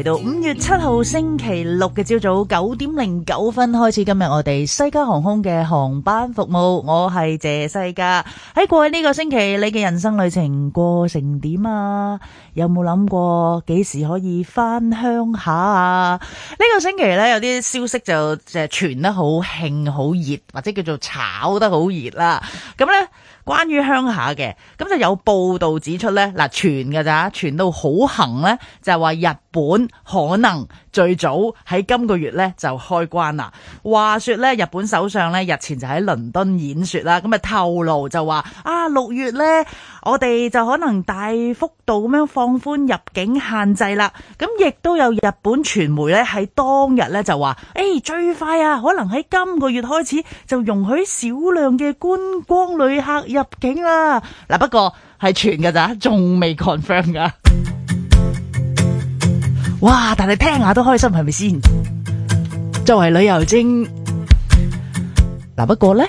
嚟到五月七號星期六嘅朝早九點零九分開始，今日我哋西加航空嘅航班服務，我係謝西加。喺過去呢個星期，你嘅人生旅程過成點啊？有冇諗過幾時可以翻鄉下啊？呢、這個星期呢，有啲消息就傳得好興、好熱，或者叫做炒得好熱啦。咁呢。關於鄉下嘅，咁就有報道指出呢，嗱傳㗎咋，傳到好行呢，就係話日本可能最早喺今個月呢就開關啦。話說呢，日本首相呢日前就喺倫敦演說啦，咁啊透露就話啊六月呢。我哋就可能大幅度咁樣放寬入境限制啦，咁亦都有日本傳媒咧喺當日咧就話，誒、欸、最快啊，可能喺今個月開始就容許少量嘅觀光旅客入境啦。嗱，不過係傳噶咋，仲未 confirm 噶。哇！但係聽下都開心，係咪先？作為旅遊精，嗱，不過咧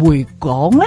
回港咧。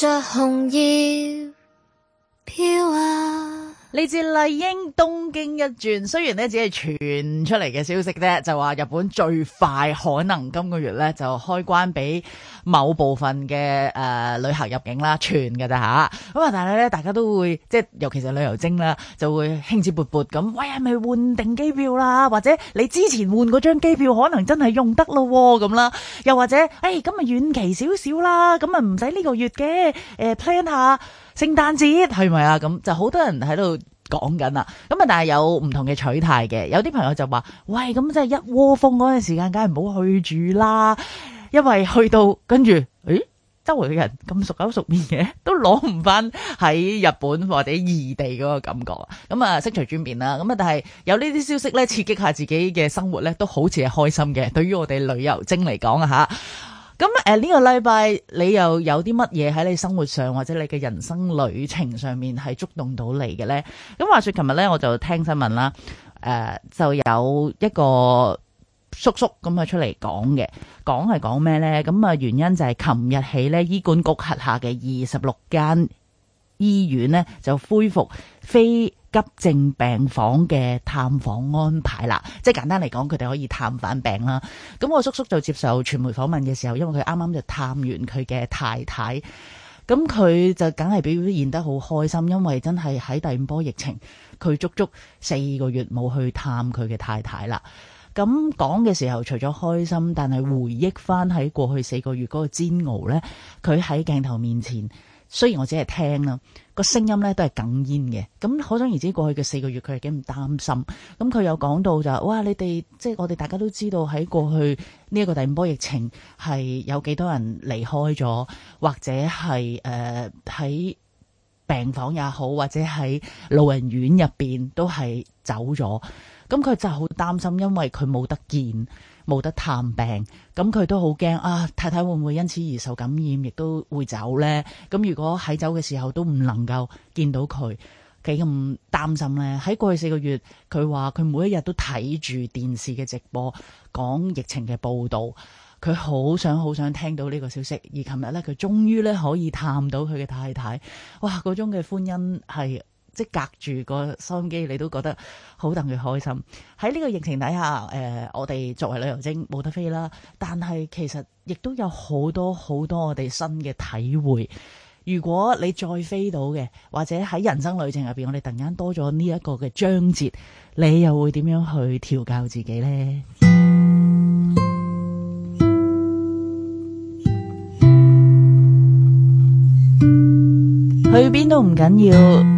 着紅葉飄啊！嚟自麗英東京一轉，雖然呢，只係傳出嚟嘅消息啫，就話日本最快可能今個月呢，就開關俾。某部分嘅誒、呃、旅客入境啦，全㗎咋吓。咁啊，但係咧，大家都會即係，尤其是旅遊精啦，就會興致勃勃咁。喂，係咪換定機票啦？或者你之前換嗰張機票，可能真係用得咯咁啦。又或者，誒咁啊，遠期少少啦，咁啊唔使呢個月嘅誒、呃、plan 下聖誕節係咪啊？咁就好多人喺度講緊啦。咁啊，但係有唔同嘅取態嘅，有啲朋友就話：喂，咁即係一窩蜂嗰陣時間，梗係唔好去住啦。因為去到跟住，誒，周圍嘅人咁熟口熟面嘅，都攞唔翻喺日本或者異地嗰個感覺，咁啊，色彩轉變啦，咁啊，但係有呢啲消息咧，刺激下自己嘅生活咧，都好似係開心嘅。對於我哋旅遊精嚟講啊，吓，咁、呃、誒，呢、呢個禮拜你又有啲乜嘢喺你生活上或者你嘅人生旅程上面係觸動到你嘅咧？咁話說昨呢，琴日咧我就聽新聞啦，誒、呃，就有一個。叔叔咁啊出嚟講嘅，講係講咩呢？咁啊原因就係琴日起呢，醫管局轄下嘅二十六間醫院呢，就恢復非急症病房嘅探訪安排啦。即係簡單嚟講，佢哋可以探返病啦。咁我叔叔就接受傳媒訪問嘅時候，因為佢啱啱就探完佢嘅太太，咁佢就梗係表現得好開心，因為真係喺第五波疫情，佢足足四個月冇去探佢嘅太太啦。咁講嘅時候，除咗開心，但係回憶返喺過去四個月嗰個煎熬咧，佢喺鏡頭面前，雖然我只係聽啦，個聲音咧都係哽咽嘅。咁可想而知，過去嘅四個月佢係幾唔擔心。咁佢有講到就，哇！你哋即係我哋大家都知道喺過去呢一個第五波疫情係有幾多人離開咗，或者係誒喺病房也好，或者喺老人院入面都係走咗。咁佢就好擔心，因為佢冇得見、冇得探病，咁佢都好驚啊！太太會唔會因此而受感染，亦都會走呢？咁如果喺走嘅時候都唔能夠見到佢，幾咁擔心呢？喺過去四個月，佢話佢每一日都睇住電視嘅直播，講疫情嘅報導，佢好想好想聽到呢個消息。而琴日呢，佢終於呢可以探到佢嘅太太，哇！嗰種嘅歡欣係～即隔住個收音機，你都覺得好戥佢開心。喺呢個疫情底下，誒、呃，我哋作為旅遊精冇得飛啦。但係其實亦都有好多好多我哋新嘅體會。如果你再飛到嘅，或者喺人生旅程入邊，我哋突然間多咗呢一個嘅章節，你又會點樣去調教自己呢？ 去邊都唔緊要。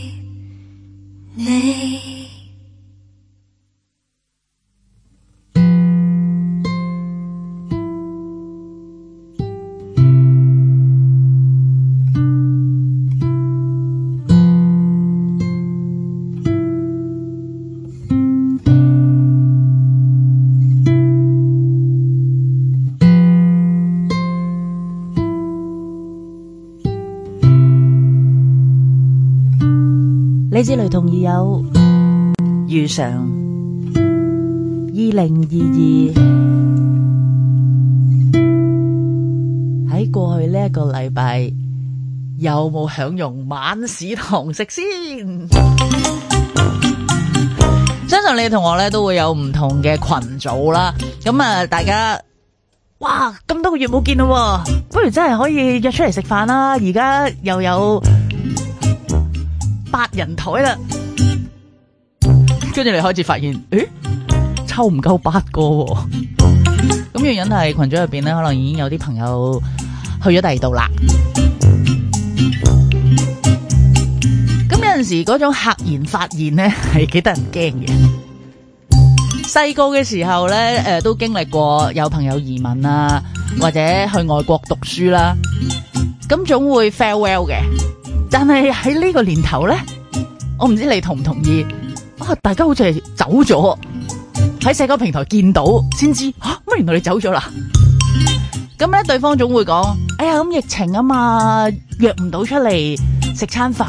記者雷同意有遇上二零二二喺過去呢一個禮拜有冇享用晚市堂食先？ 相信你同學咧都會有唔同嘅群組啦，咁啊大家哇咁多個月冇見咯，不如真係可以約出嚟食飯啦！而家又有。八人台啦，跟住你開始發現，誒，抽唔夠八個喎，哦，咁原因係群組入邊咧，可能已經有啲朋友去咗第二度啦。咁有陣時嗰種赫然發現咧，係幾得人驚嘅。細個嘅時候咧，誒、呃，都經歷過有朋友移民啦，啊，或者去外國讀書啦，啊，咁總會 farewell 嘅。但係喺呢個年頭咧，我唔知你同唔同意啊！大家好似係走咗，喺社交平台見到先知，吓、啊、乜原來你走咗啦？咁、嗯、咧對方總會講，哎呀咁疫情啊嘛，約唔到出嚟食餐飯，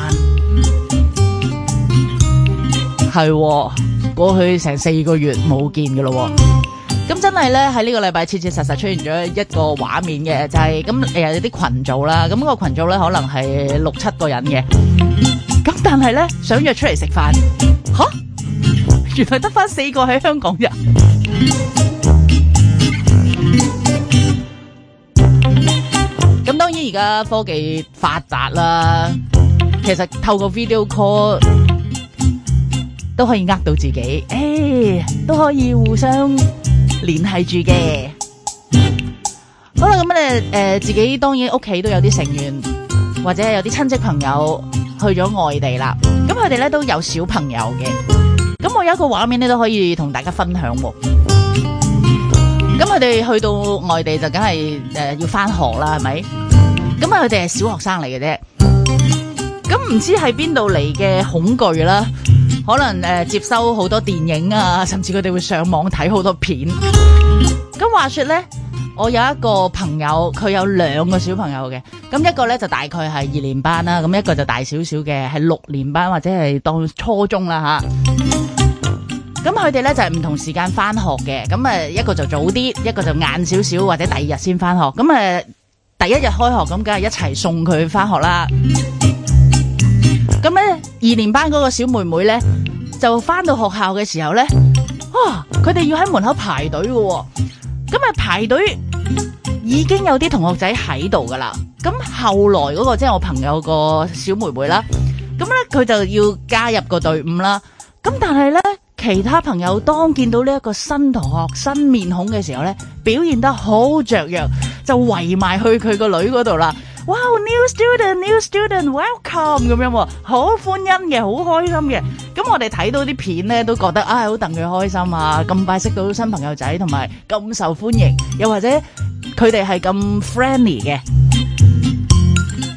係、哦、過去成四個月冇見㗎喇。咁真係咧喺呢個禮拜，切切實實出現咗一個畫面嘅，就係咁誒，有啲群組啦。咁個群組咧，可能係六七個人嘅。咁但係咧，想約出嚟食飯，吓，原來得翻四個喺香港啫。咁當然而家科技發達啦，其實透過 video call 都可以呃到自己，誒，都可以互相聯繫住嘅，好啦，咁咧，誒、呃，自己當然屋企都有啲成員，或者有啲親戚朋友去咗外地啦，咁佢哋咧都有小朋友嘅，咁我有一個畫面咧都可以同大家分享喎、哦，咁佢哋去到外地就梗係誒要翻學啦，係咪？咁啊，佢哋係小學生嚟嘅啫，咁唔知係邊度嚟嘅恐懼啦。可能誒、呃、接收好多電影啊，甚至佢哋會上網睇好多片。咁話說呢，我有一個朋友，佢有兩個小朋友嘅，咁一個呢，就大概係二年班啦，咁一個就大少少嘅，係六年班或者係當初中啦吓。咁佢哋呢就係、是、唔同時間翻學嘅，咁啊一個就早啲，一個就晏少少或者第二日先翻學。咁啊第一日開學咁，梗係一齊送佢翻學啦。咁呢。二年班嗰個小妹妹呢，就翻到學校嘅時候呢，啊，佢哋要喺門口排隊嘅，哦，咁啊排隊已經有啲同學仔喺度噶啦，咁後來嗰、那個即係、就是、我朋友個小妹妹啦，咁呢，佢就要加入個隊伍啦，咁但係呢，其他朋友當見到呢一個新同學新面孔嘅時候呢，表現得好雀躍，就圍埋去佢個女嗰度啦。哇！new student，new student，welcome 咁樣喎，好歡欣嘅，好開心嘅。咁我哋睇到啲片呢，都覺得啊，好等佢開心啊，咁快識到新朋友仔，同埋咁受歡迎，又或者佢哋係咁 friendly 嘅。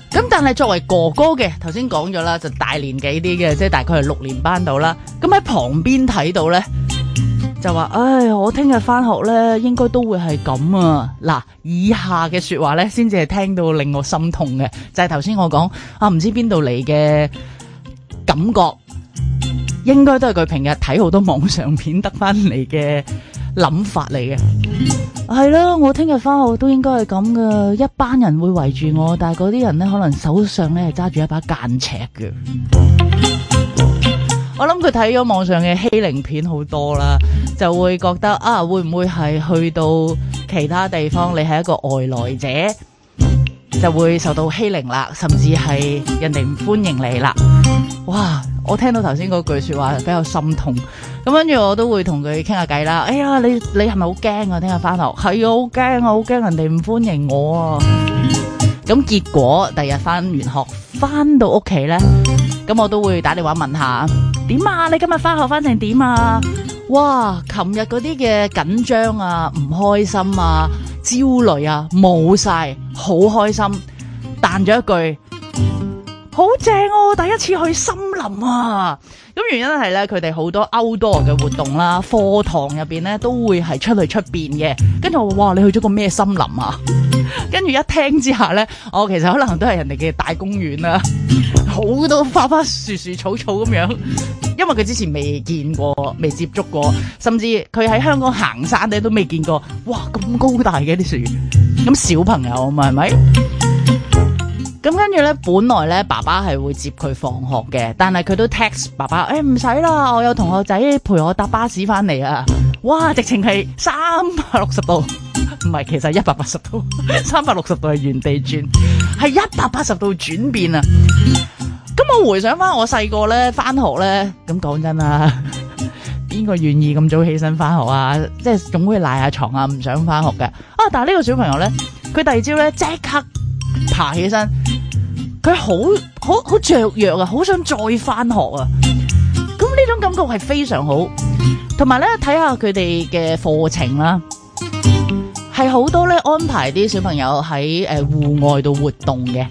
咁但係作為哥哥嘅，頭先講咗啦，就大年紀啲嘅，即係大概係六年班度啦。咁喺旁邊睇到呢。就話，唉，我聽日翻學咧，應該都會係咁啊！嗱，以下嘅說話咧，先至係聽到令我心痛嘅，就係頭先我講啊，唔知邊度嚟嘅感覺，應該都係佢平日睇好多網上片得翻嚟嘅諗法嚟嘅。係囉，我聽日翻學都應該係咁嘅，一班人會圍住我，但係嗰啲人咧，可能手上咧係揸住一把間尺嘅。我諗佢睇咗網上嘅欺凌片好多啦，就會覺得啊，會唔會係去到其他地方，你係一個外來者，就會受到欺凌啦，甚至係人哋唔歡迎你啦。哇！我聽到頭先嗰句說話比較心痛。咁跟住我都會同佢傾下偈啦。哎呀，你你係咪好驚啊？聽日翻學係啊，好驚啊，好驚人哋唔歡迎我啊！咁結果第日翻完學翻到屋企咧，咁我都會打電話問下點啊？你今日翻學翻成點啊？哇！琴日嗰啲嘅緊張啊、唔開心啊、焦慮啊冇晒，好開心，彈咗一句。好正哦！第一次去森林啊，咁原因係咧，佢哋好多 outdoor 嘅活動啦，課堂入面咧都會係出嚟出面嘅。跟住我話：哇，你去咗個咩森林啊？跟住一聽之下咧，我、哦、其實可能都係人哋嘅大公園啦、啊，好多花花樹樹草草咁樣。因為佢之前未見過、未接觸過，甚至佢喺香港行山咧都未見過。哇，咁高大嘅啲樹，咁小朋友啊嘛，係咪？咁跟住咧，本來咧爸爸係會接佢放學嘅，但係佢都 text 爸爸，誒唔使啦，我有同學仔陪我搭巴士翻嚟啊！哇，直情係三百六十度，唔係其實一百八十度，三百六十度係原地轉，係一百八十度轉變啊！咁我回想翻我細個咧翻學咧，咁講真啊，邊個願意咁早起身翻學啊？即係總會賴下床啊，唔想翻學嘅啊！但係呢個小朋友咧，佢第二朝咧即刻爬起身。佢好好好雀躍啊，好想再翻學啊！咁呢種感覺係非常好，同埋咧睇下佢哋嘅課程啦，係好多咧安排啲小朋友喺誒戶外度活動嘅。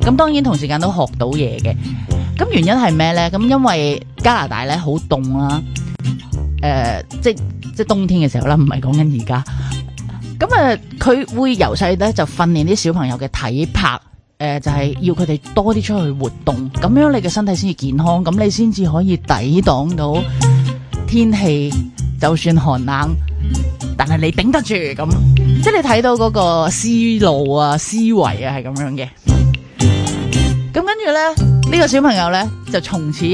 咁當然同時間都學到嘢嘅。咁原因係咩咧？咁因為加拿大咧好凍啦，誒、呃、即即冬天嘅時候啦，唔係講緊而家。咁啊，佢、呃、會由細咧就訓練啲小朋友嘅體魄。誒、呃，就係、是、要佢哋多啲出去活動，咁樣你嘅身體先至健康，咁你先至可以抵擋到天氣，就算寒冷，但係你頂得住，咁即係你睇到嗰個思路啊、思維啊係咁樣嘅。咁跟住咧，呢、這個小朋友咧就從此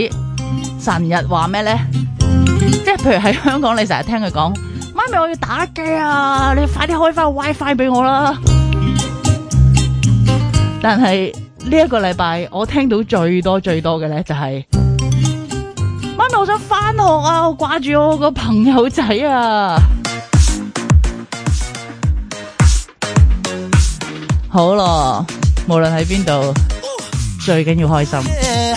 成日話咩咧？即係、就是、譬如喺香港，你成日聽佢講：「媽咪我要打機啊，你快啲開翻個 WiFi 俾我啦！但係呢一個禮拜，我聽到最多最多嘅咧、就是，就係，媽咪，我想翻學啊，我掛住我個朋友仔啊。嗯、好咯啦，無論喺邊度，哦、最緊要開心。哦 yeah,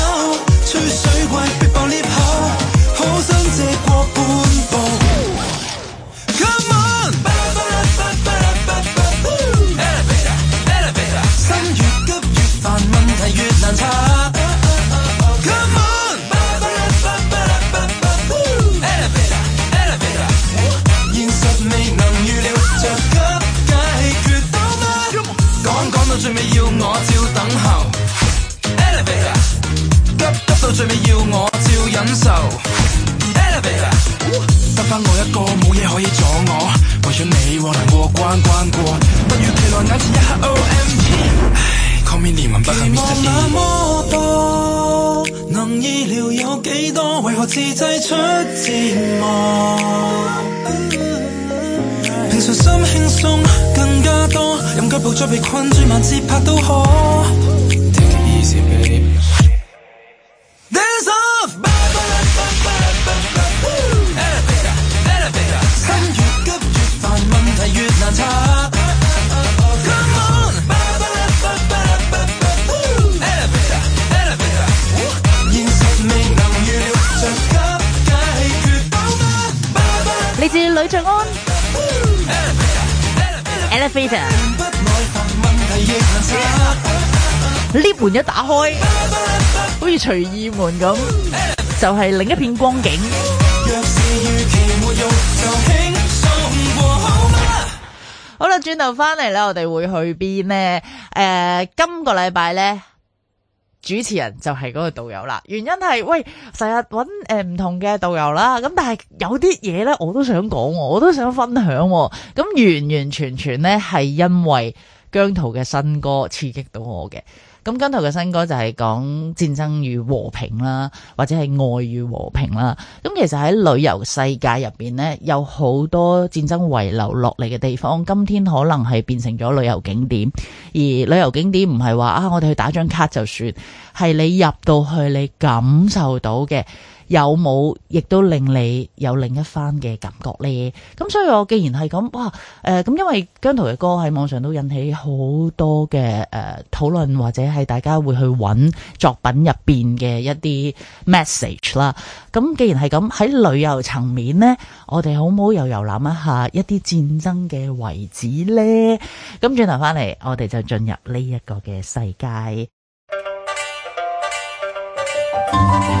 咁就係、是、另一片光景。若是就好啦，轉頭翻嚟咧，我哋會去邊呢？誒、呃，今個禮拜咧，主持人就係嗰個導遊啦。原因係，喂，成日揾誒唔同嘅導遊啦。咁但係有啲嘢咧，我都想講，我都想分享，哦。咁完完全全咧，係因為姜濤嘅新歌刺激到我嘅。咁今頭嘅新歌就係講戰爭與和平啦，或者係愛與和平啦。咁其實喺旅遊世界入邊呢，有好多戰爭遺留落嚟嘅地方，今天可能係變成咗旅遊景點。而旅遊景點唔係話啊，我哋去打張卡就算，係你入到去你感受到嘅。有冇亦都令你有另一番嘅感覺呢？咁所以我既然係咁，哇，誒、呃、咁因為姜濤嘅歌喺網上都引起好多嘅誒、呃、討論，或者係大家會去揾作品入面嘅一啲 message 啦。咁既然係咁，喺旅遊層面呢，我哋好唔好又遊覽一下一啲戰爭嘅遺址呢？咁轉頭翻嚟，我哋就進入呢一個嘅世界。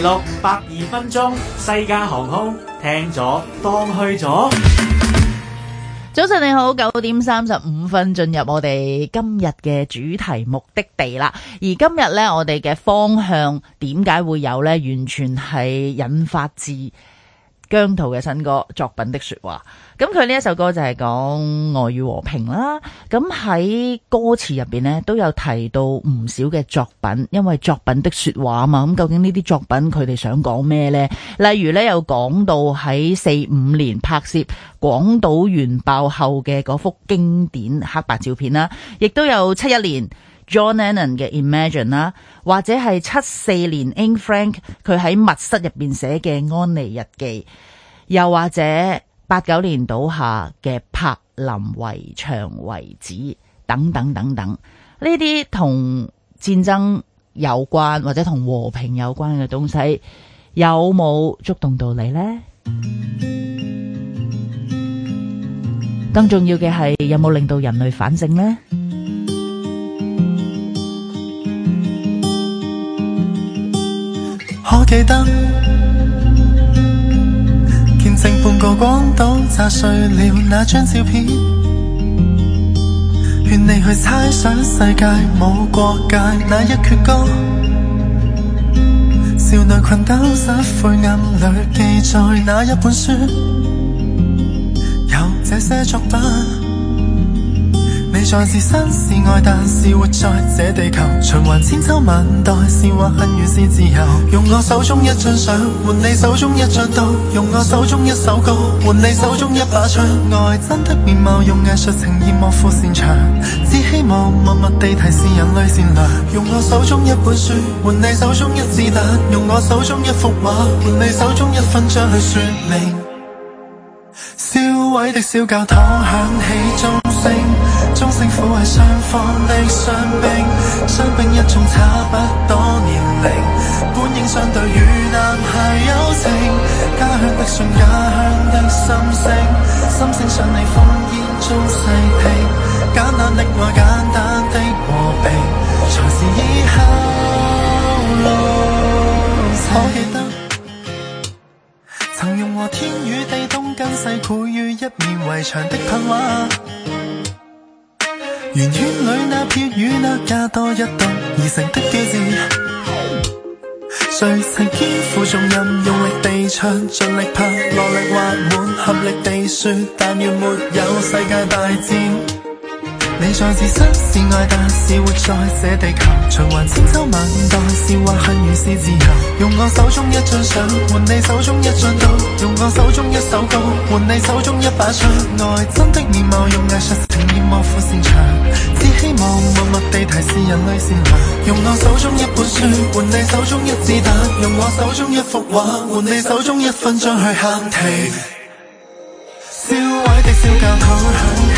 六百二分鐘，西加航空聽咗當去咗。早晨你好，九點三十五分進入我哋今日嘅主題目的地啦。而今日呢，我哋嘅方向點解會有呢？完全係引發自。姜濤嘅新歌《作品的說話》，咁佢呢一首歌就係講愛與和平啦。咁喺歌詞入面呢都有提到唔少嘅作品，因為《作品的說話》啊嘛。咁究竟呢啲作品佢哋想講咩呢？例如呢有講到喺四五年拍攝廣島原爆後嘅嗰幅經典黑白照片啦，亦都有七一年。John Lennon 嘅 Imagine 啦，或者係七四年 Anne Frank 佢喺密室入邊寫嘅安妮日記，又或者八九年倒下嘅柏林圍牆遺址等等等等，呢啲同戰爭有關或者同和平有關嘅東西，有冇觸動到你咧？更重要嘅係有冇令到人類反省咧？記得見證半個廣島炸碎了那張照片，勸你去猜想世界冇國界那一闕歌，少女困鬥室晦暗裏記載那一本書，有這些作品。你在是身是愛，但是活在這地球，循環千秋萬代。是或恨怨是自由。用我手中一張相，換你手中一把刀；用我手中一首歌，換你手中一把槍。愛真的面貌，用藝術呈現莫負擅長。只希望默默地提示人類善良。用我手中一本書，換你手中一子彈；用我手中一幅畫，換你手中一分鐘去說明。燒毀的小教堂響起鐘聲。鐘聲撫慰雙方的傷兵，傷兵一眾差不多年齡，本應相對如男孩友情，家鄉的信，家鄉的心聲，心聲想你烽煙中細聽，簡單的愛，簡單的和平才是依靠路程。我記得，曾融和天與地東跟西苦於一面圍牆的困惑。圓圈裏那片雨，那加多一度而成的標誌。 誰曾肩負重任？用力地唱，盡力拍，落力畫滿，合力地說，但願沒有世界大戰。你在自身是愛的，但是活在這地球循環千秋萬代。笑或恨，如是自由。用我手中一張相，換你手中一張刀；用我手中一首歌，換你手中一把槍。愛真的面貌，用藝術呈現莫負擅場。只希望默默地提示人類善良。用我手中一本書，換你手中一支彈；用我手中一幅畫，換你手中一分鐘去喊停。銷毀的肖像權。好好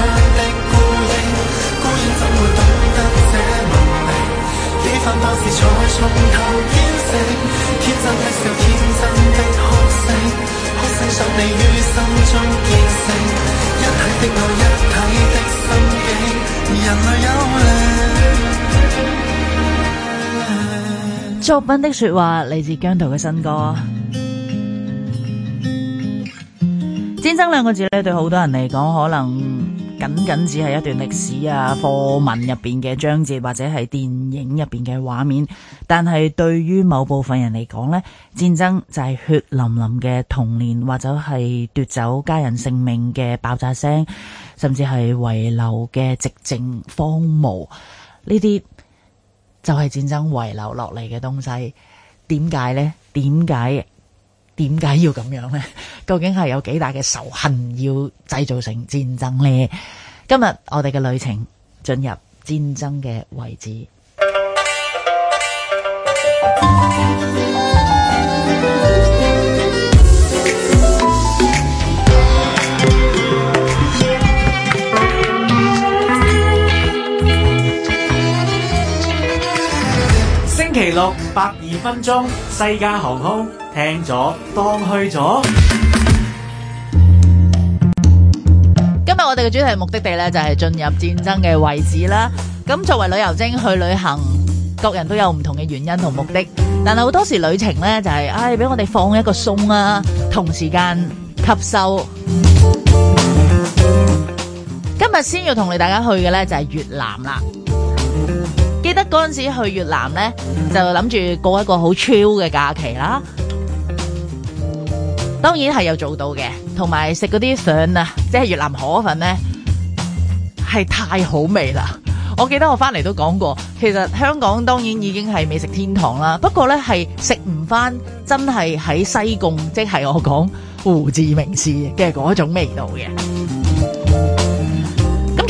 作品的說話來自姜濤嘅新歌，《戰爭》兩個字咧，對好多人嚟講，可能，僅僅只係一段歷史啊，課文入邊嘅章節，或者係電影入邊嘅畫面，但係對於某部分人嚟講咧，戰爭就係血淋淋嘅童年，或者係奪走家人性命嘅爆炸聲，甚至係遺留嘅寂靜荒蕪，呢啲就係戰爭遺留落嚟嘅東西。點解咧？點解？點解要咁樣呢？究竟係有幾大嘅仇恨要製造成戰爭呢？今日我哋嘅旅程進入戰爭嘅位置。 六百二分鐘，西加航空聽咗當去咗。今日我哋嘅主題目的地呢就係進入戰爭嘅位置啦。咁作為旅遊精去旅行，各人都有唔同嘅原因同目的。但係好多時旅程呢就係，唉，俾我哋放一個鬆啊，同時間吸收。今日先要同你大家去嘅呢就係越南啦。記得嗰陣時去越南咧，就諗住過一個好超嘅假期啦。當然係有做到嘅，同埋食嗰啲餸啊，即係越南河粉咧，係太好味啦！我記得我翻嚟都講過，其實香港當然已經係美食天堂啦，不過咧係食唔翻真係喺西貢，即係我講胡志明市嘅嗰種味道嘅。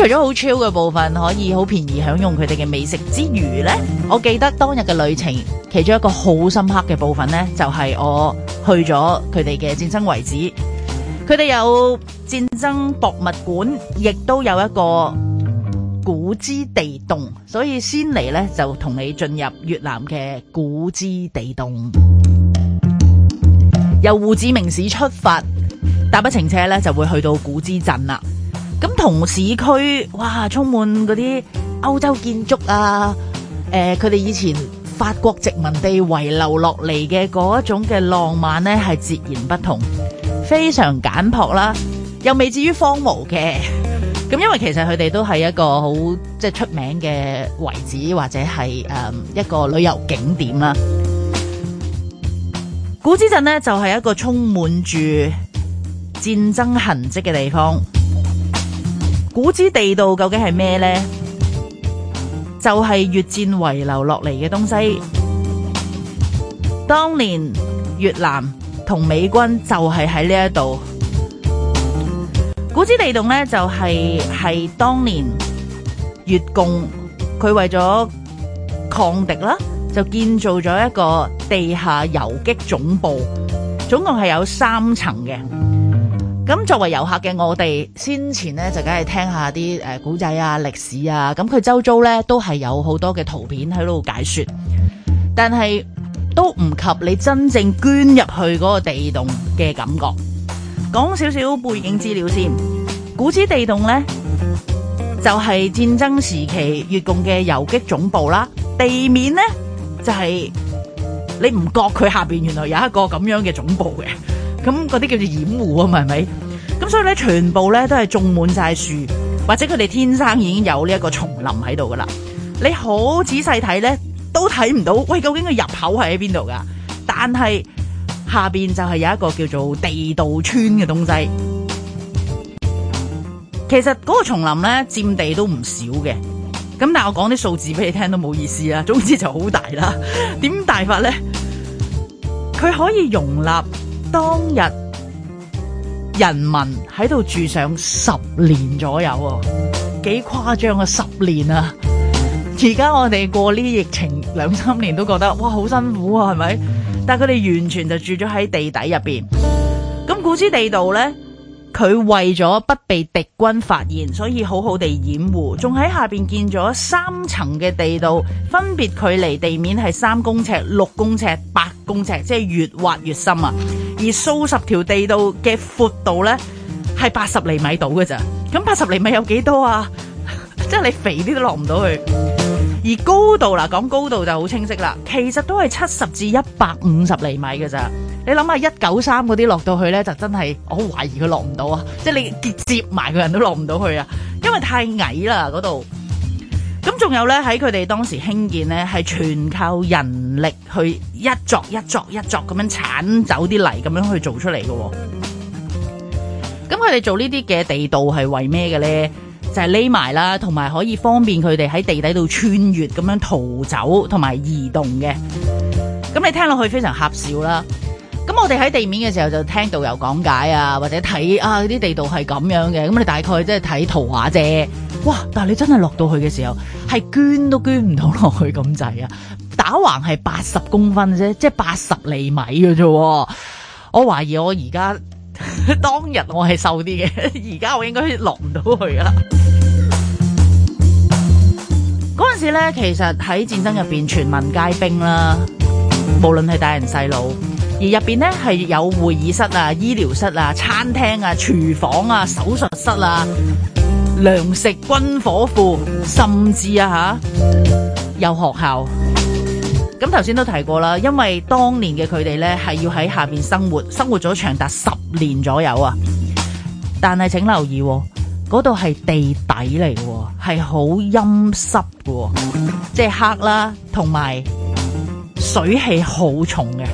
除咗好超嘅部分，可以好便宜享用佢哋嘅美食之餘呢，我記得當日嘅旅程，其中一個好深刻嘅部分呢，就係、是、我去咗佢哋嘅戰爭遺址，佢哋有戰爭博物館，亦都有一個古之地洞，所以先嚟呢就同你進入越南嘅古之地洞，由胡志明市出發，搭不程車呢就會去到古之鎮啦。咁同市區哇，充滿嗰啲歐洲建築啊，呃、佢哋以前法國殖民地遺留落嚟嘅嗰一種嘅浪漫呢，係截然不同，非常簡樸啦，又未至於荒蕪嘅。咁因為其實佢哋都係一個好即係出名嘅遺址，或者係、呃、一個旅遊景點啦。古之鎮呢，就係、是、一個充滿住戰爭痕跡嘅地方。古之地道究竟係咩呢？就係、是、越戰遺留落嚟嘅東西。當年越南同美軍就係喺呢一度。古之地洞呢、就是，就係係當年越共佢為咗抗敵啦，就建造咗一個地下游擊總部，總共係有三層嘅。咁作為遊客嘅我哋，先前咧就梗係聽下啲誒古仔啊、歷史啊，咁佢周遭咧都係有好多嘅圖片喺度解說，但係都唔及你真正捐入去嗰個地洞嘅感覺。講少少背景資料先，古之地洞咧就係戰爭時期越共嘅游擊總部啦，地面咧就係你唔覺佢下邊原來有一個咁樣嘅總部嘅。咁嗰啲叫做掩護啊，係咪？咁所以咧，全部咧都係種滿晒樹，或者佢哋天生已經有呢一個叢林喺度噶啦。你好仔細睇咧，都睇唔到。喂，究竟個入口係喺邊度噶？但係下邊就係有一個叫做地道村嘅東西。其實嗰個叢林咧占地都唔少嘅。咁但係我講啲數字俾你聽都冇意思啊。總之就好大啦。點大法咧？佢可以容納。當日人民喺度住上十年左右，幾誇張啊！十年啊！而家我哋過呢啲疫情兩三年都覺得哇好辛苦啊，係咪？但係佢哋完全就住咗喺地底入邊。咁古芝地道呢，佢為咗不被敵軍發現，所以好好地掩護，仲喺下邊建咗三層嘅地道，分別距離地面係三公尺、六公尺、八公尺，即係越挖越深啊！而數十條地道嘅闊度呢，係八十厘米到嘅咋，咁八十厘米有幾多啊？ 即係你肥啲都落唔到去。而高度啦，講高度就好清晰啦，其實都係七十至一百五十厘米嘅咋。你諗下一九三嗰啲落到去呢，就真係我好懷疑佢落唔到啊！ 即係你接埋個人都落唔到去啊，因為那裏太矮啦嗰度。咁仲有咧，喺佢哋當時興建呢，係全靠人力去一鑿一鑿一鑿咁樣鏟走啲泥，咁樣去做出嚟嘅。咁佢哋做呢啲嘅地道係為咩嘅咧？就係匿埋啦，同埋可以方便佢哋喺地底度穿越咁樣逃走同埋移動嘅。咁你聽落去非常狹小啦。咁我哋喺地面嘅時候就聽導遊講解啊，或者睇啊啲地道係咁樣嘅。咁你大概即係睇圖畫啫。哇！但係你真係落到去嘅時候，係捐都捐唔到落去咁滯啊！打橫係八十公分啫，即係八十厘米嘅啫。我懷疑我而家當日我係瘦啲嘅，而家我應該落唔到去啦。嗰陣 時咧，其實喺戰爭入邊，全民皆兵啦，無論係大人細路，而入邊咧係有會議室啊、醫療室啊、餐廳啊、廚房啊、手術室啊。糧食、軍火庫，甚至啊吓有學校。咁頭先都提過啦，因為當年嘅佢哋咧係要喺下邊生活，生活咗長達十年左右啊。但係請留意喎，嗰度係地底嚟嘅，係好陰濕嘅，即係黑啦，同埋水氣好重嘅。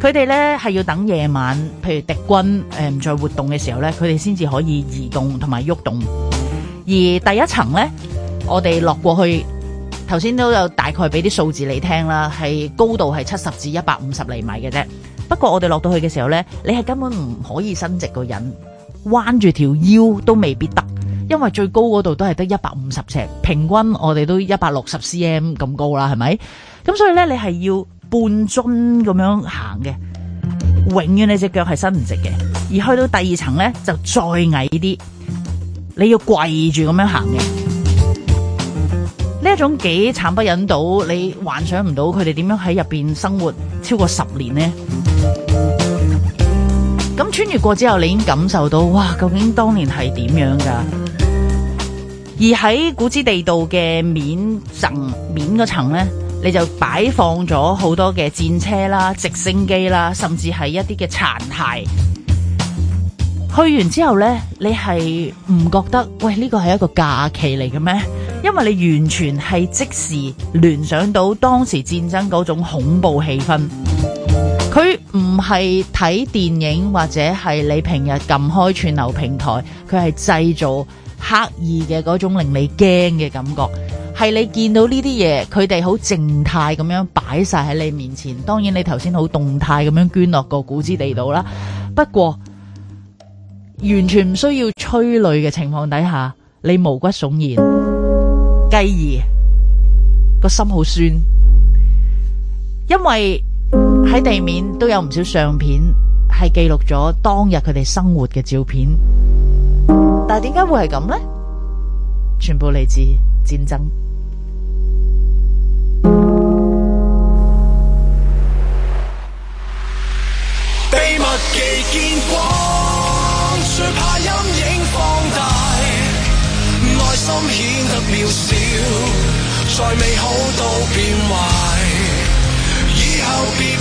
佢哋咧係要等夜晚，譬如敵軍誒唔再活動嘅時候咧，佢哋先至可以移動同埋喐動。而第一層咧，我哋落過去，頭先都有大概俾啲數字你聽啦，係高度係七十至一百五十厘米嘅啫。不過我哋落到去嘅時候咧，你係根本唔可以伸直個人，彎住條腰都未必得，因為最高嗰度都係得一百五十尺，平均我哋都一百六十 cm 咁高啦，係咪？咁所以咧，你係要。半樽咁樣行嘅，永遠你隻腳係伸唔直嘅。而去到第二層咧，就再矮啲，你要跪住咁樣行嘅。呢一種幾慘不忍睹，你幻想唔到佢哋點樣喺入邊生活超過十年呢。咁穿越過之後，你已經感受到，哇，究竟當年係點樣噶？而喺古之地道嘅面層、面嗰層咧？你就擺放咗好多嘅戰車啦、直升機啦，甚至係一啲嘅殘骸。去完之後呢，你係唔覺得喂，呢個係一個假期嚟嘅咩？因為你完全係即時聯想到當時戰爭嗰種恐怖氣氛。佢唔係睇電影，或者係你平日撳開串流平台，佢係製造刻意嘅嗰種令你驚嘅感覺。係你見到呢啲嘢，佢哋好靜態咁樣擺晒喺你面前。當然，你頭先好動態咁樣捐落個古之地道啦。不過完全唔需要催淚嘅情況底下，你毛骨悚然，繼而個心好酸，因為喺地面都有唔少相片係記錄咗當日佢哋生活嘅照片。但係點解會係咁呢？全部嚟自戰爭。秘密忌見光，最怕陰影放大，內心顯得渺小，再美好都變壞，以後。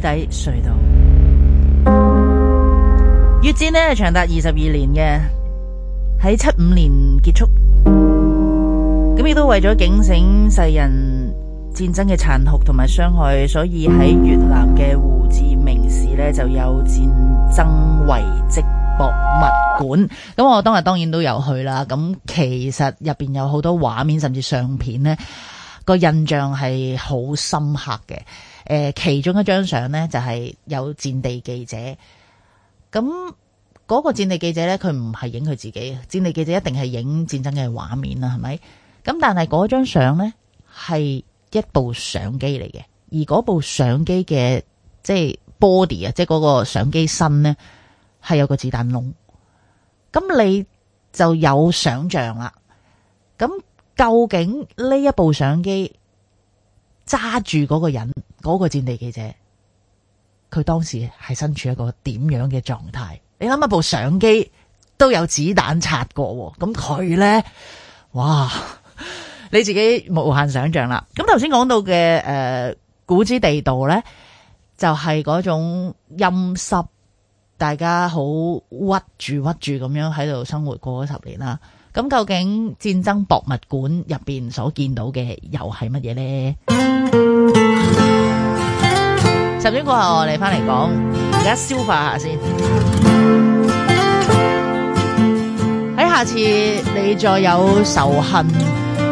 底隧道。越戰咧，長達二十二年嘅，喺七五年結束。咁亦都為咗警醒世人戰爭嘅殘酷同埋傷害，所以喺越南嘅胡志明市咧，就有戰爭遺跡博物館。咁我當日當然都有去啦。咁其實入邊有好多畫面甚至相片呢，個印象係好深刻嘅。誒，其中一張相咧就係有戰地記者，咁、那、嗰個戰地記者咧，佢唔係影佢自己，戰地記者一定係影戰爭嘅畫面啦，係咪？咁但係嗰張相咧係一部相機嚟嘅，而嗰部相機嘅即係 body 啊，即係嗰個相機身咧係有個子彈窿，咁你就有想象啦。咁究竟呢一部相機揸住嗰個人？嗰個戰地記者，佢當時係身處一個點樣嘅狀態？你諗下部相機都有子彈擦過，咁佢咧，哇！你自己無限想象啦。咁頭先講到嘅誒、呃、古之地道咧，就係、是、嗰種陰濕，大家好屈住屈住咁樣喺度生活過咗十年啦。咁究竟戰爭博物館入邊所見到嘅又係乜嘢咧？十點過後我哋翻嚟講，而家消化下先。喺下次你再有仇恨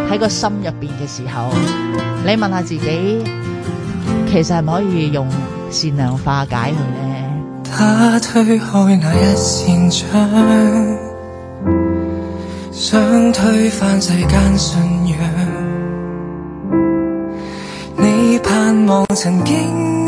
喺個心入邊嘅時候，你問下自己，其實係唔可以用善良化解佢呢？他推開那一扇窗，想推翻世間信仰。你盼望曾經。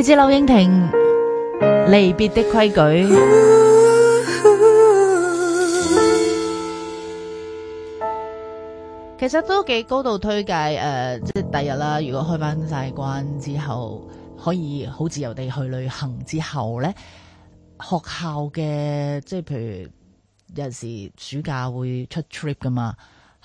你知，柳英婷離別的規矩， 其實都幾高度推介誒，呃，即係第日啦，如果開翻晒關之後，可以好自由地去旅行之後咧，學校嘅即係譬如有陣時暑假會出 trip 噶嘛。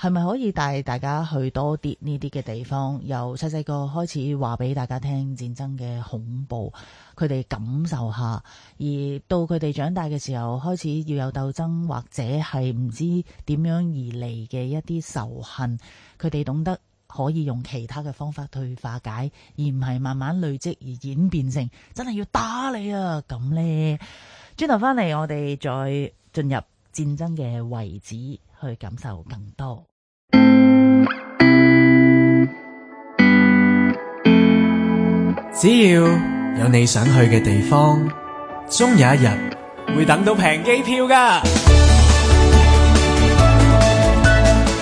係咪可以帶大家去多啲呢啲嘅地方，由細細個開始話俾大家聽戰爭嘅恐怖，佢哋感受下；而到佢哋長大嘅時候，開始要有鬥爭，或者係唔知點樣而嚟嘅一啲仇恨，佢哋懂得可以用其他嘅方法去化解，而唔係慢慢累積而演變成真係要打你啊！咁呢，轉頭返嚟，我哋再進入戰爭嘅遺址去感受更多。只要有你想去嘅地方，終有一日會等到平機票噶。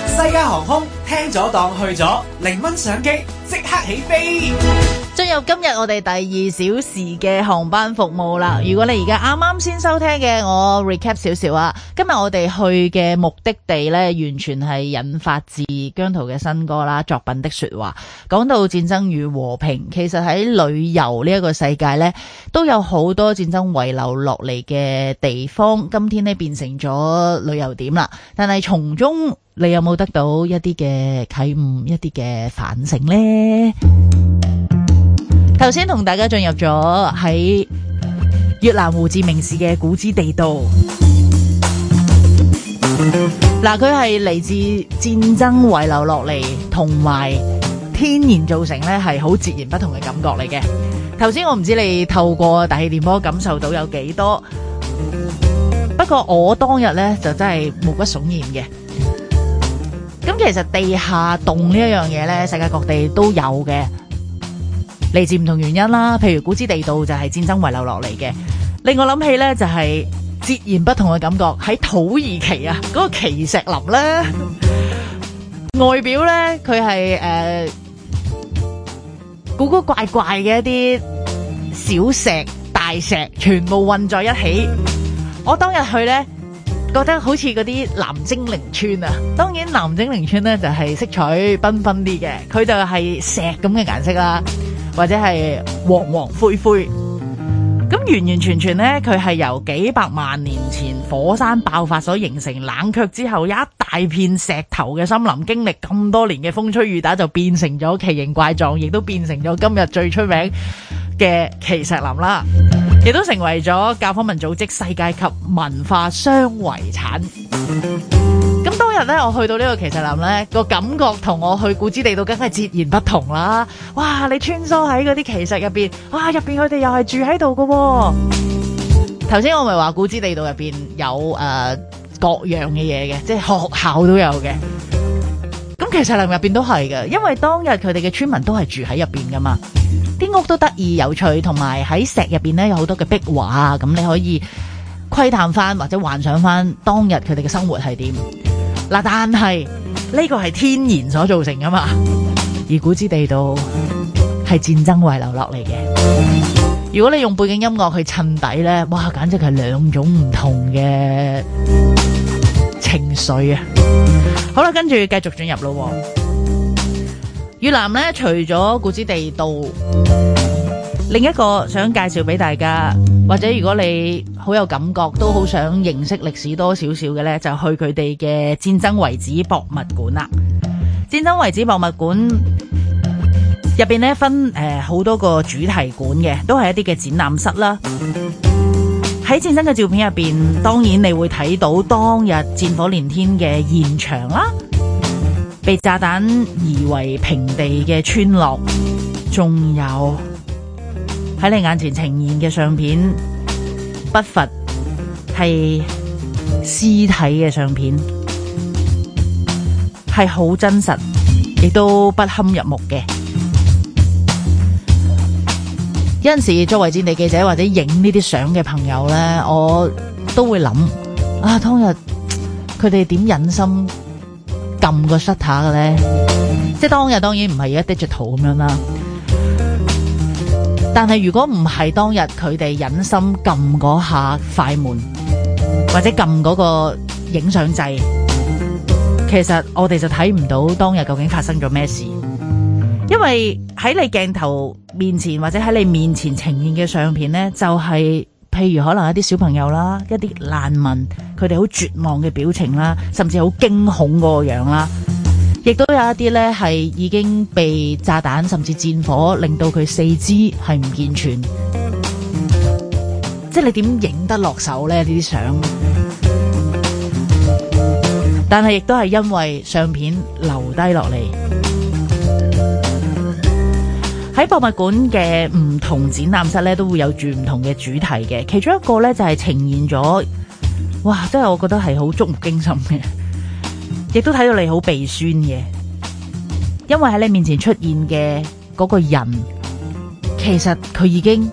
西加航空聽咗檔去咗，零蚊上機即刻起飛。進入今日我哋第二小時嘅航班服務啦！如果你而家啱啱先收聽嘅，我 recap 少少啊！今日我哋去嘅目的地呢，完全係引發自姜濤嘅新歌啦，《作品的說話》。講到戰爭與和平，其實喺旅遊呢一個世界呢，都有好多戰爭遺留落嚟嘅地方。今天呢，變成咗旅遊點啦，但係從中你有冇得到一啲嘅啟悟，一啲嘅反省呢？頭先同大家進入咗喺越南胡志明市嘅古芝地道，嗱，佢係嚟自戰爭遺留落嚟，同埋天然造成咧，係好截然不同嘅感覺嚟嘅。頭先我唔知你透過大氣電波感受到有幾多，不過我當日咧就真係毛骨悚然嘅。咁其實地下洞呢一樣嘢咧，世界各地都有嘅。嚟自唔同原因啦，譬如古芝地道就係戰爭遺留落嚟嘅，令我諗起咧就係截然不同嘅感覺。喺土耳其啊，嗰個奇石林咧，外表咧佢係誒古古怪怪嘅一啲小石大石，全部混在一起。我當日去咧，覺得好似嗰啲藍精靈村啊。當然藍精靈村咧就係色彩繽紛啲嘅，佢就係石咁嘅顏色啦。或者係黃黃灰灰，咁完完全全呢，佢係由幾百萬年前火山爆發所形成，冷卻之後一大片石頭嘅森林，經歷咁多年嘅風吹雨打，就變成咗奇形怪狀，亦都變成咗今日最出名嘅奇石林啦，亦都成為咗教科文組織世界級文化雙遺產。當日咧，我去到個其實呢個奇石林咧，個感覺同我去古之地道梗係截然不同啦！哇，你穿梭喺嗰啲奇石入邊，哇，入邊佢哋又係住喺度喎。頭先我咪話古之地道入邊有誒、呃、各樣嘅嘢嘅，即係學校都有嘅。咁奇石林入邊都係嘅，因為當日佢哋嘅村民都係住喺入邊噶嘛，啲屋都得意有趣，同埋喺石入邊咧有好多嘅壁畫啊，咁你可以窺探翻或者幻想翻當日佢哋嘅生活係點。但係呢個係天然所造成噶嘛，而古之地道係戰爭遺留落嚟嘅。如果你用背景音樂去襯底咧，哇，簡直係兩種唔同嘅情緒啊！好啦，跟住繼續進入咯。越南咧，除咗古之地道。另一個想介紹俾大家，或者如果你好有感覺，都好想認識歷史多少少嘅呢，就去佢哋嘅戰爭遺址博物館啦。戰爭遺址博物館入邊呢，分誒好多個主題館嘅，都係一啲嘅展覽室啦。喺戰爭嘅照片入邊，當然你會睇到當日戰火連天嘅現場啦，被炸彈夷為平地嘅村落，仲有。喺你眼前呈現嘅相片，不乏係屍體嘅相片，係好真實，亦都不堪入目嘅。有陣時，作為戰地記者或者影呢啲相嘅朋友咧，我都會諗：啊，當日佢哋點忍心撳個 shutter 嘅咧？即係當日，當然唔係而家 digital 咁樣啦。但係如果唔係當日佢哋忍心撳嗰下快門，或者撳嗰個影相掣，其實我哋就睇唔到當日究竟發生咗咩事。因為喺你鏡頭面前，或者喺你面前呈現嘅相片呢，就係譬如可能一啲小朋友啦，一啲難民，佢哋好絕望嘅表情啦，甚至好驚恐個樣啦。亦都有一啲咧，係已經被炸彈甚至戰火令到佢四肢係唔健全，即係你點影得落手咧？呢啲相，但係亦都係因為相片留低落嚟，喺博物館嘅唔同展覽室咧，都會有住唔同嘅主題嘅，其中一個咧就係呈現咗，哇！真係我覺得係好觸目驚心嘅。亦都睇到你好鼻酸嘅，因為喺你面前出現嘅嗰個人，其實佢已經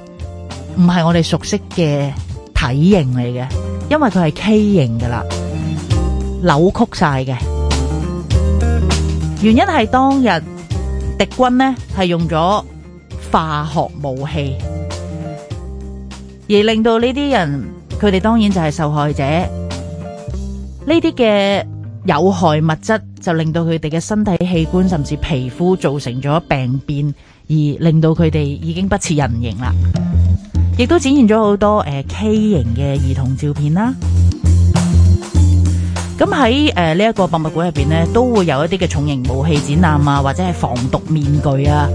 唔係我哋熟悉嘅體型嚟嘅，因為佢係畸形噶啦，扭曲晒嘅。原因係當日敵軍咧係用咗化學武器，而令到呢啲人佢哋當然就係受害者。呢啲嘅。有害物質就令到佢哋嘅身體器官甚至皮膚造成咗病變，而令到佢哋已經不似人形啦。亦都展現咗好多誒畸形嘅兒童照片啦。咁喺誒呢一個博物館入邊呢，都會有一啲嘅重型武器展覽啊，或者係防毒面具啊。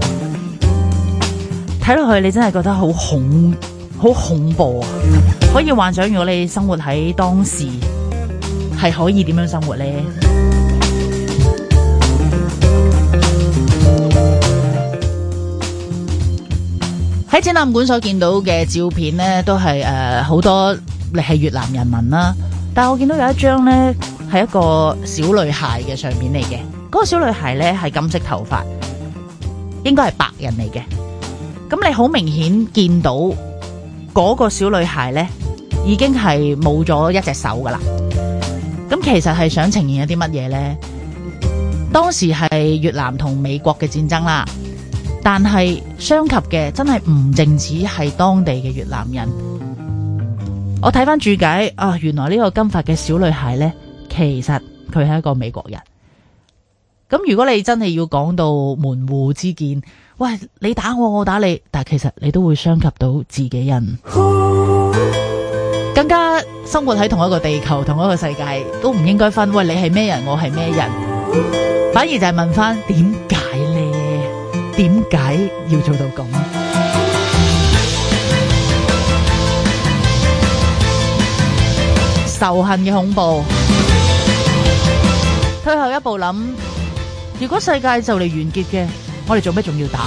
睇落去你真係覺得好恐，好恐怖啊！可以幻想如果你生活喺當時。係可以點樣生活咧？喺展覽館所見到嘅照片咧，都係誒好多係越南人民啦。但係我見到有一張咧，係一個小女孩嘅相片嚟嘅。嗰、那個小女孩咧係金色頭髮，應該係白人嚟嘅。咁你好明顯見到嗰、那個小女孩咧，已經係冇咗一隻手㗎喇。咁其實係想呈現一啲乜嘢呢？當時係越南同美國嘅戰爭啦，但係傷及嘅真係唔淨止係當地嘅越南人。我睇翻注解啊，原來呢個金髮嘅小女孩呢，其實佢係一個美國人。咁如果你真係要講到門戶之見，喂，你打我，我打你，但其實你都會傷及到自己人，更加。生活喺同一個地球，同一個世界都唔應該分。喂，你係咩人，我係咩人，反而就係問翻點解咧？點解要做到咁仇恨嘅恐怖？退後一步諗，如果世界就嚟完結嘅，我哋做咩仲要打？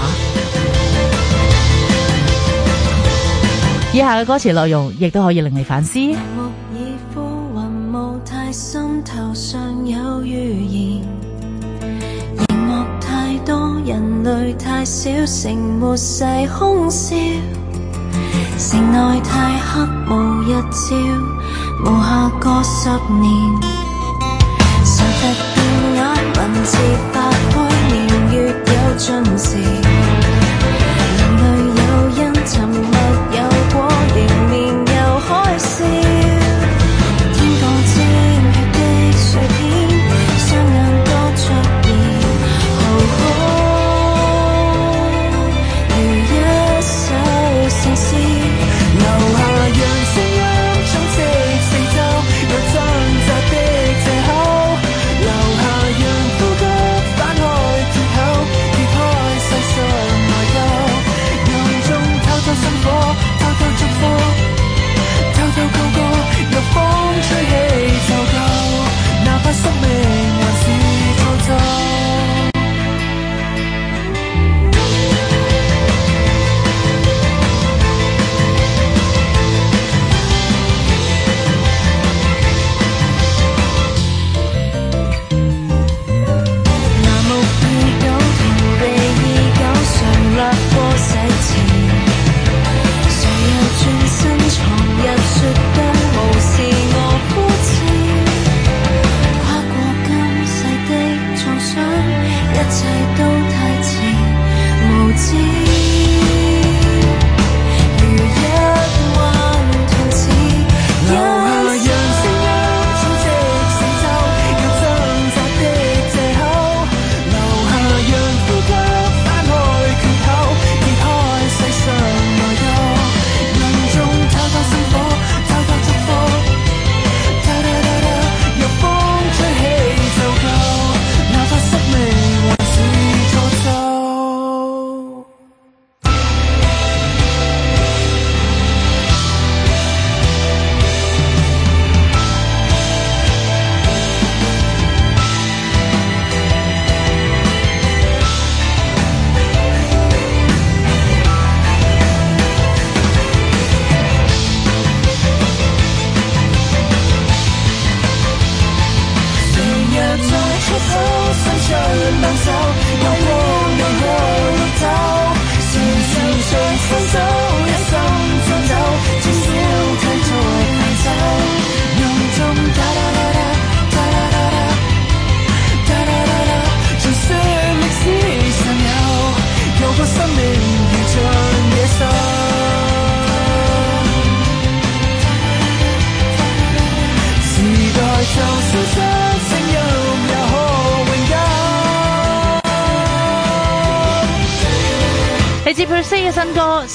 以下嘅歌詞內容亦都可以令你反思。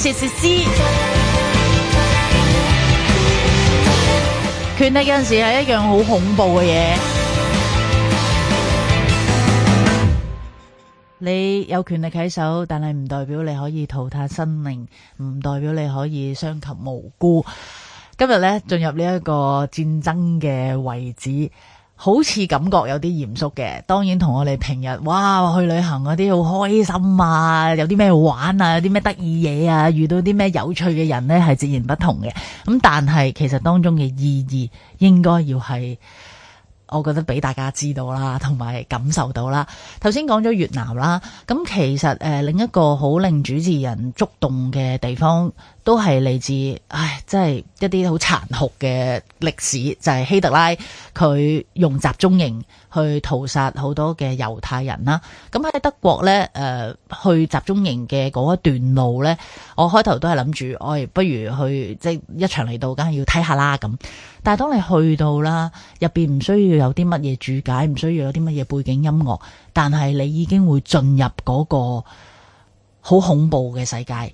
切切知，權力有陣時係一樣好恐怖嘅嘢。你有權力喺手，但係唔代表你可以淘汰生命，唔代表你可以傷及無辜。今日呢，進入呢一個戰爭嘅位置。好似感覺有啲嚴肅嘅，當然同我哋平日哇去旅行嗰啲好開心啊，有啲咩玩啊，有啲咩得意嘢啊，遇到啲咩有趣嘅人呢，係截然不同嘅。咁但係其實當中嘅意義應該要係，我覺得俾大家知道啦，同埋感受到啦。頭先講咗越南啦，咁其實誒、呃，另一個好令主持人觸動嘅地方。都係嚟自，唉，即係一啲好殘酷嘅歷史，就係、是、希特拉佢用集中營去屠殺好多嘅猶太人啦。咁喺德國呢，誒、呃，去集中營嘅嗰一段路呢，我開頭都係諗住，我、哎、不如去即係一場嚟到，梗係要睇下啦咁。但係當你去到啦，入邊唔需要有啲乜嘢注解，唔需要有啲乜嘢背景音樂，但係你已經會進入嗰個好恐怖嘅世界。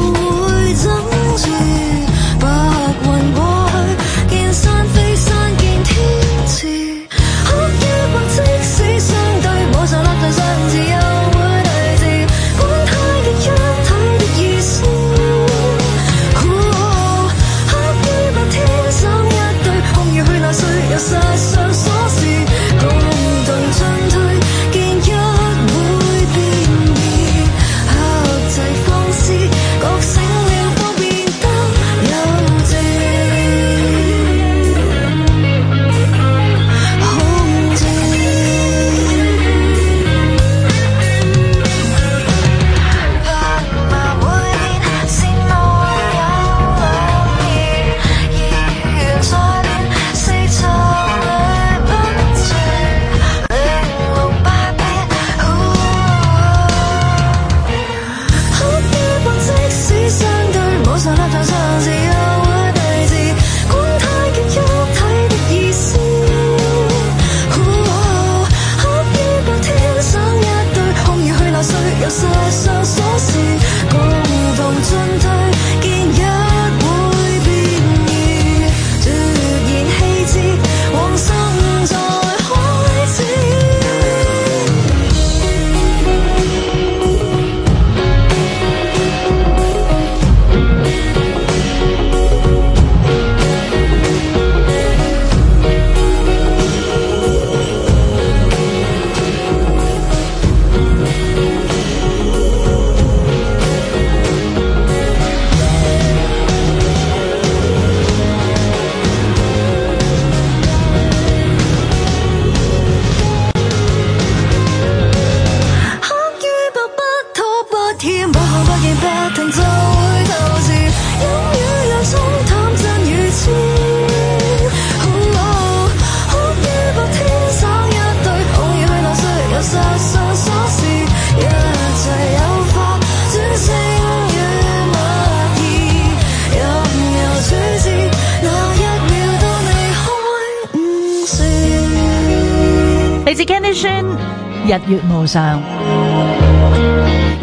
上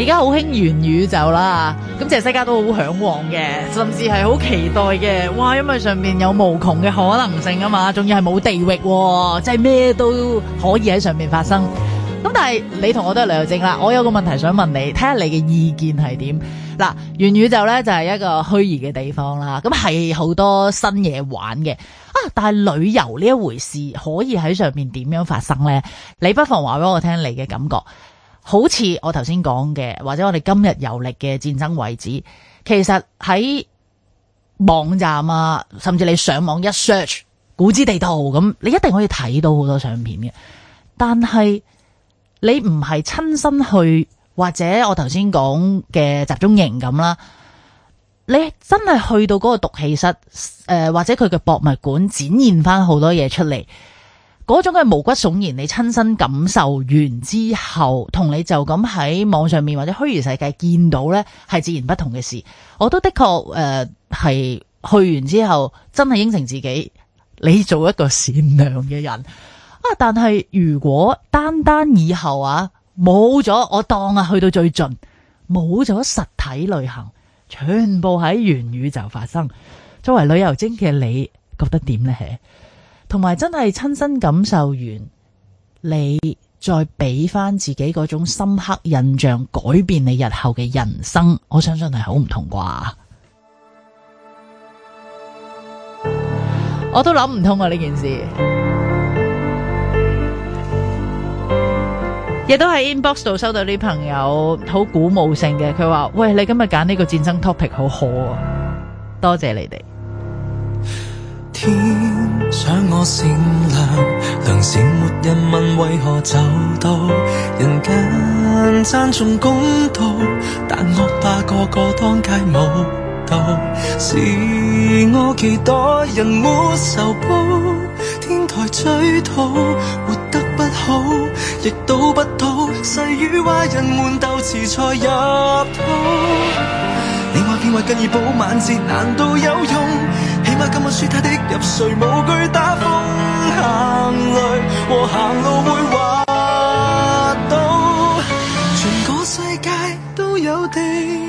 而家好興元宇宙啦，咁全世界都好向往嘅，甚至係好期待嘅。哇，因為上面有無窮嘅可能性啊嘛，仲要係冇地域，即係咩都可以喺上面發生。咁但係你同我都係旅遊證啦。我有個問題想問你，睇下你嘅意見係點？嗱，元宇宙呢就係一個虛擬嘅地方啦。咁係好多新嘢玩嘅啊！但係旅遊呢一回事可以喺上面點樣發生呢？你不妨話俾我聽你嘅感覺。好似我頭先講嘅，或者我哋今日遊歷嘅戰爭位置。其實喺網站啊，甚至你上網一 search 古之地圖，咁你一定可以睇到好多相片嘅，但係。你唔係親身去，或者我頭先講嘅集中營咁啦，你真係去到嗰個毒氣室，誒、呃、或者佢嘅博物館展現翻好多嘢出嚟，嗰種嘅毛骨悚然，你親身感受完之後，同你就咁喺網上面或者虛擬世界見到呢，係截然不同嘅事。我都的確誒係、呃、去完之後，真係應承自己，你做一個善良嘅人。啊，但係如果單單以後啊，冇咗我當啊，去到最盡冇咗實體旅行，全部喺元宇宙發生，作為旅遊精嘅你，覺得點呢？同埋真係親身感受完，你再俾翻自己嗰種深刻印象，改變你日後嘅人生，我相信係好唔同啩。 我都諗唔通啊！呢件事。亦都喺 inbox 度收到啲朋友好鼓舞性嘅，佢話：喂，你今日揀呢個戰爭 topic 好好啊！多謝你哋。天想我善良，良善沒人問為何走到人間爭盡公道，但惡霸個個當街舞鬥，是我期待人冇仇報，天台追討活得不好。亦賭不到，誓與壞人們鬥詞才入土。你話變壞更易保晚節難道有用？起碼今晚舒坦的入睡，無懼打風行雷和行路會滑倒。全個世界都有地。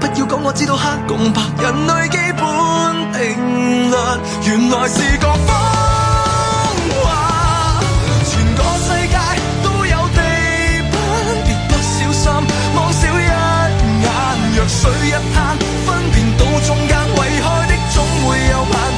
不要講，我知道黑共白，人類基本定律，原來是個謊話。全個世界都有地盤，別不小心望少一眼，若水一灘，分辨到中間，未開的總會有。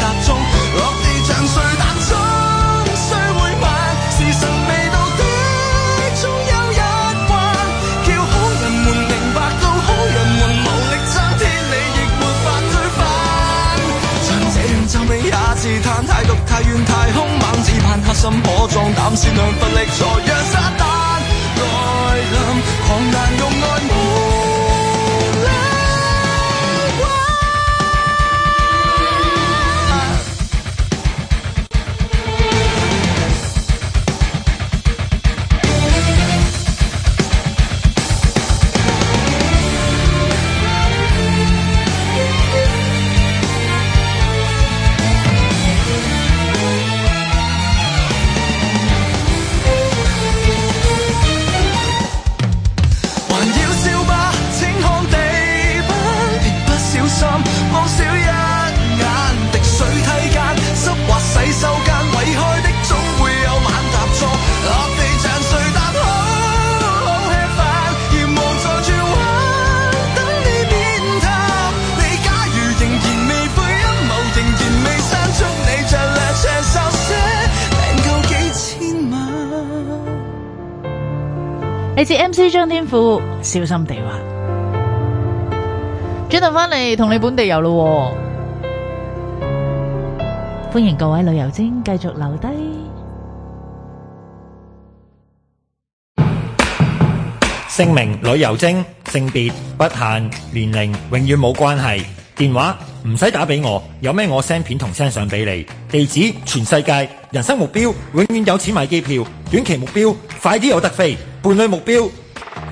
太遠太凶猛，只盼黑心火壯膽，善良奮力在。再張天賦小心地話，轉頭翻嚟同你本地遊咯。歡迎各位旅遊精繼續留低。姓名：旅遊精性別不限，年齡永遠冇關係。電話唔使打俾我，有咩我 send 片同 send 相俾你。地址全世界，人生目標永遠有錢買機票，短期目標快啲有得飛，伴侶目標。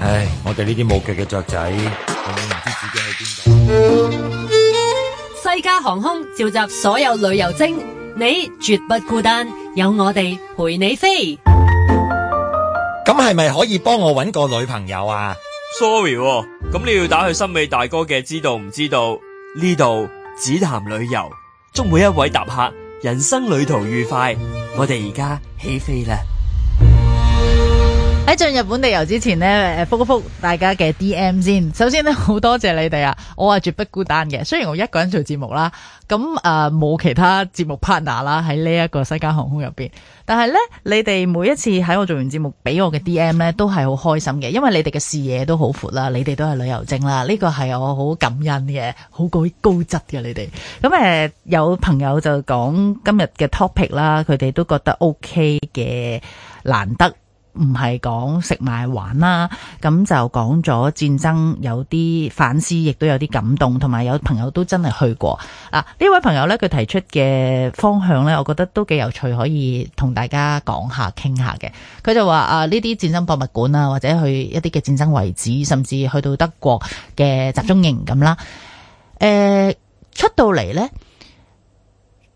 唉，我哋呢啲冇腳嘅雀仔，永遠唔知自己喺邊度。西加航空召集所有旅遊精，你絕不孤單，有我哋陪你飛。咁係咪可以幫我搵個女朋友啊？Sorry，咁、哦、你要打去森美大哥嘅，知道唔知道？呢度只談旅遊，祝每一位搭客人生旅途愉快。我哋而家起飛啦！喺進入本地遊之前呢，誒，覆一覆大家嘅 D M 先。首先呢，好多謝你哋啊，我係絕不孤單嘅。雖然我一個人做節目啦，咁誒冇其他節目 partner 啦，喺呢一個西加航空入邊。但係呢，你哋每一次喺我做完節目俾我嘅 D M 呢，都係好開心嘅。因為你哋嘅視野都好闊啦，你哋都係旅遊證啦。呢、這個係我好感恩嘅，好高於高質嘅你哋。咁誒、呃，有朋友就講今日嘅 topic 啦，佢哋都覺得 O K 嘅，難得。唔係講食埋玩啦，咁就講咗戰爭有啲反思，亦都有啲感動，同埋有，有朋友都真係去過啊。呢位朋友呢，佢提出嘅方向呢，我覺得都幾有趣，可以同大家講下、傾下嘅。佢就話啊，呢啲戰爭博物館啊，或者去一啲嘅戰爭遺址，甚至去到德國嘅集中營咁、嗯、啦。誒、呃，出到嚟呢，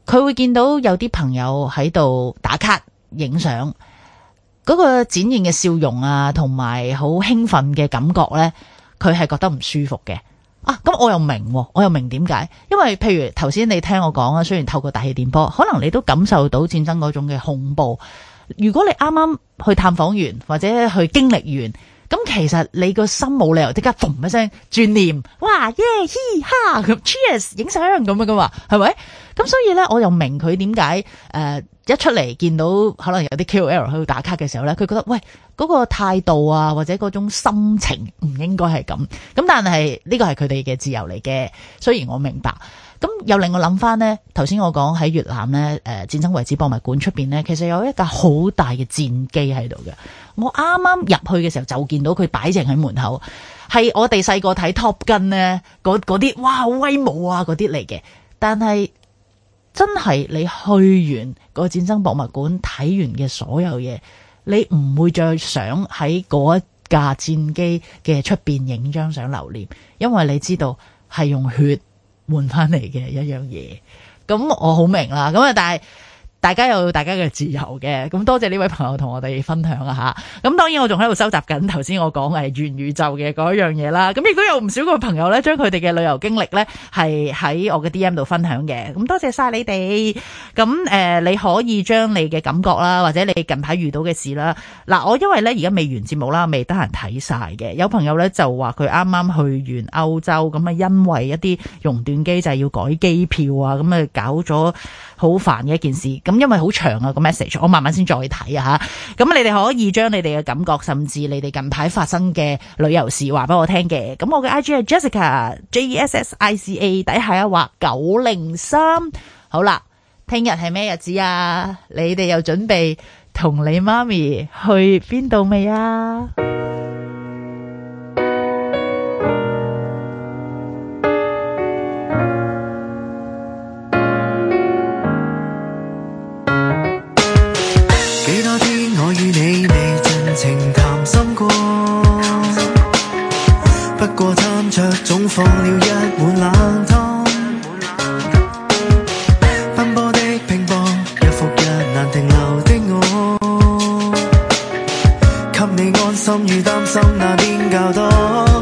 佢會見到有啲朋友喺度打卡、影相。嗰個展現嘅笑容啊，同埋好興奮嘅感覺呢，佢係覺得唔舒服嘅啊！咁我又明、啊，我又明點解，因為譬如頭先你聽我講啊，雖然透過大氣電波，可能你都感受到戰爭嗰種嘅恐怖。如果你啱啱去探訪完或者去經歷完。咁其實你個心冇理由即刻嘣一聲轉念，哇耶嘻哈咁 cheers 影相咁樣噶嘛，係咪？咁所以咧，我又明佢點解誒一出嚟，見到可能有啲 KOL 喺度打卡嘅時候咧，佢覺得喂，嗰個態度啊或者嗰種心情唔應該係咁。咁但係呢個係佢哋嘅自由嚟嘅，雖然我明白。咁又令我諗翻咧，頭先我講喺越南咧，誒、呃、戰爭遺址博物館出邊咧，其實有一架好大嘅戰機喺度嘅。我啱啱入去嘅時候就見到佢擺正喺門口，係我哋細個睇 Top Gun 咧，嗰嗰啲哇好威武啊嗰啲嚟嘅。但係真係你去完個戰爭博物館睇完嘅所有嘢，你唔會再想喺嗰架戰機嘅出邊影張相留念，因為你知道係用血。換翻嚟嘅一樣嘢，咁我好明啦。咁啊，但係。大家有大家嘅自由嘅，咁多謝呢位朋友同我哋分享啊吓，咁當然我仲喺度收集緊頭先我講嘅元宇宙嘅嗰樣嘢啦。咁亦都有唔少個朋友咧，將佢哋嘅旅遊經歷咧，係喺我嘅 D M 度分享嘅，咁多謝晒你哋。咁誒、呃、你可以將你嘅感覺啦，或者你近排遇到嘅事啦。嗱，我因為咧而家未完節目啦，未得閒睇晒嘅。有朋友咧就話佢啱啱去完歐洲，咁啊因為一啲熔斷機制要改機票啊，咁啊搞咗好煩嘅一件事。咁因為好長啊個 message，我慢慢先再睇啊吓。咁你哋可以將你哋嘅感覺，甚至你哋近排發生嘅旅遊事話俾我聽嘅。咁我嘅 IG 係 Jessica, Jessica J E S S I C A，底下一畫九零三。好啦，聽日係咩日子啊？你哋又準備同你媽咪去邊度未啊？卻總放了一碗冷湯，奔波的拼搏，日復一日難停留的我，給你安心與擔心哪邊較多？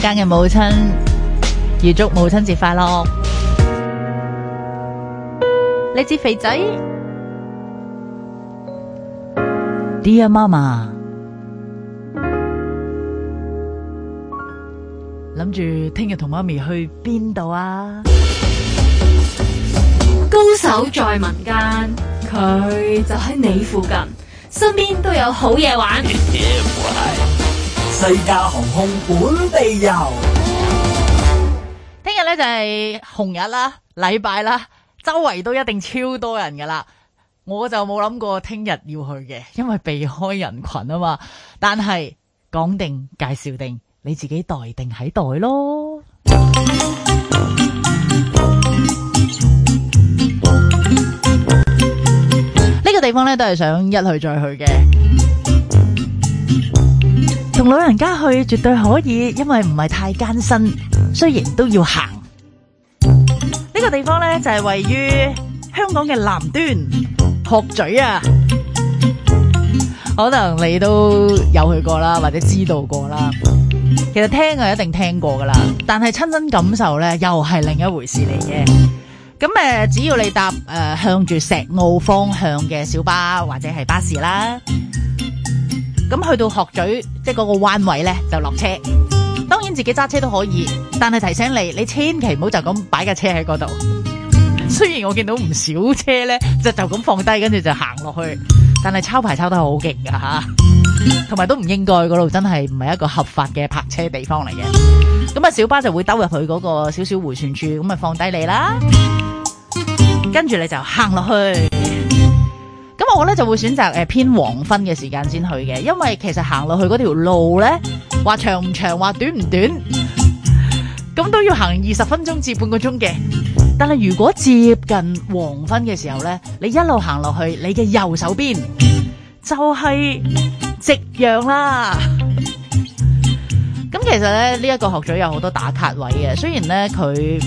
間嘅母親，預祝母親節快樂！你知肥仔，Dear Mama，諗住聽日同媽咪去邊度啊？高手在民間，佢就喺你附近，身邊都有好嘢玩。 西加航空本地遊，聽日咧就係紅日啦，禮拜啦，周圍都一定超多人噶啦。我就冇諗過聽日要去嘅，因為避開人群啊嘛。但係講定介紹定，你自己待定喺待咯。呢 個地方咧都係想一去再去嘅。 同老人家去絕對可以，因為唔係太艱辛，雖然都要行。呢個地方呢就係位於香港嘅南端，鶴咀啊，可能你都有去過啦，或者知道過啦。其實聽啊一定聽過噶啦，但係親身感受呢又係另一回事嚟嘅。咁誒，只要你搭誒向住石澳方向嘅小巴或者係巴士啦。咁去到學咀，即係嗰個彎位咧，就落車。當然自己揸車都可以，但係提醒你，你千祈唔好就咁擺架車喺嗰度。雖然我見到唔少車咧，就就咁放低，跟住就行落去。但係抄牌抄得好勁噶吓，同埋都唔應該，嗰度真係唔係一個合法嘅泊車地方嚟嘅。咁啊，小巴就會兜入去嗰個少少迴旋處，咁啊放低你啦，跟住你就行落去。咁我咧就會選擇誒、呃、偏黃昏嘅時間先去嘅。因為其實行落去嗰條路咧，話長唔長，話短唔短，咁都要行二十分鐘至半個鐘嘅。但係如果接近黃昏嘅時候咧，你一路行落去，你嘅右手邊就係夕陽啦。咁其實咧呢一、這個學聚有好多打卡位嘅，雖然咧佢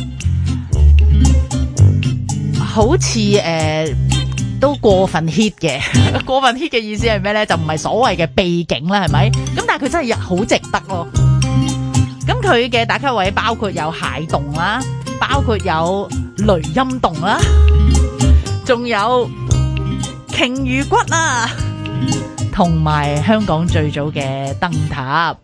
好似誒。呃都過分 hit 嘅，過分 hit 嘅意思係咩咧？就唔係所謂嘅秘境啦，係咪？咁但係佢真係好值得咯、哦。咁佢嘅打卡位包括有蟹洞啦、啊，包括有雷音洞啦、啊，仲有鯨魚骨啊，同埋香港最早嘅燈塔。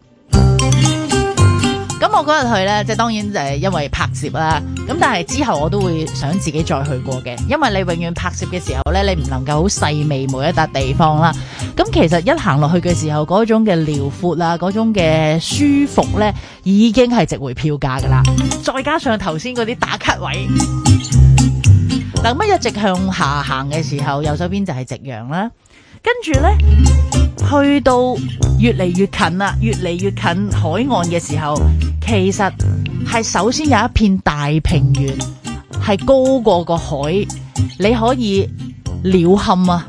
咁我嗰日去呢，即係當然就係因為拍攝啦。咁但係之後我都會想自己再去過嘅，因為你永遠拍攝嘅時候呢，你唔能夠好細微每一笪地方啦。咁其實一行落去嘅時候，嗰種嘅遼闊啊，嗰種嘅舒服呢，已經係值回票價噶啦。再加上頭先嗰啲打卡位，嗱，咁一直向下行嘅時候，右手邊就係夕陽啦。跟住呢，去到越嚟越近啦，越嚟越近海岸嘅時候，其實係首先有一片大平原，係高過個海，你可以鳥瞰啊，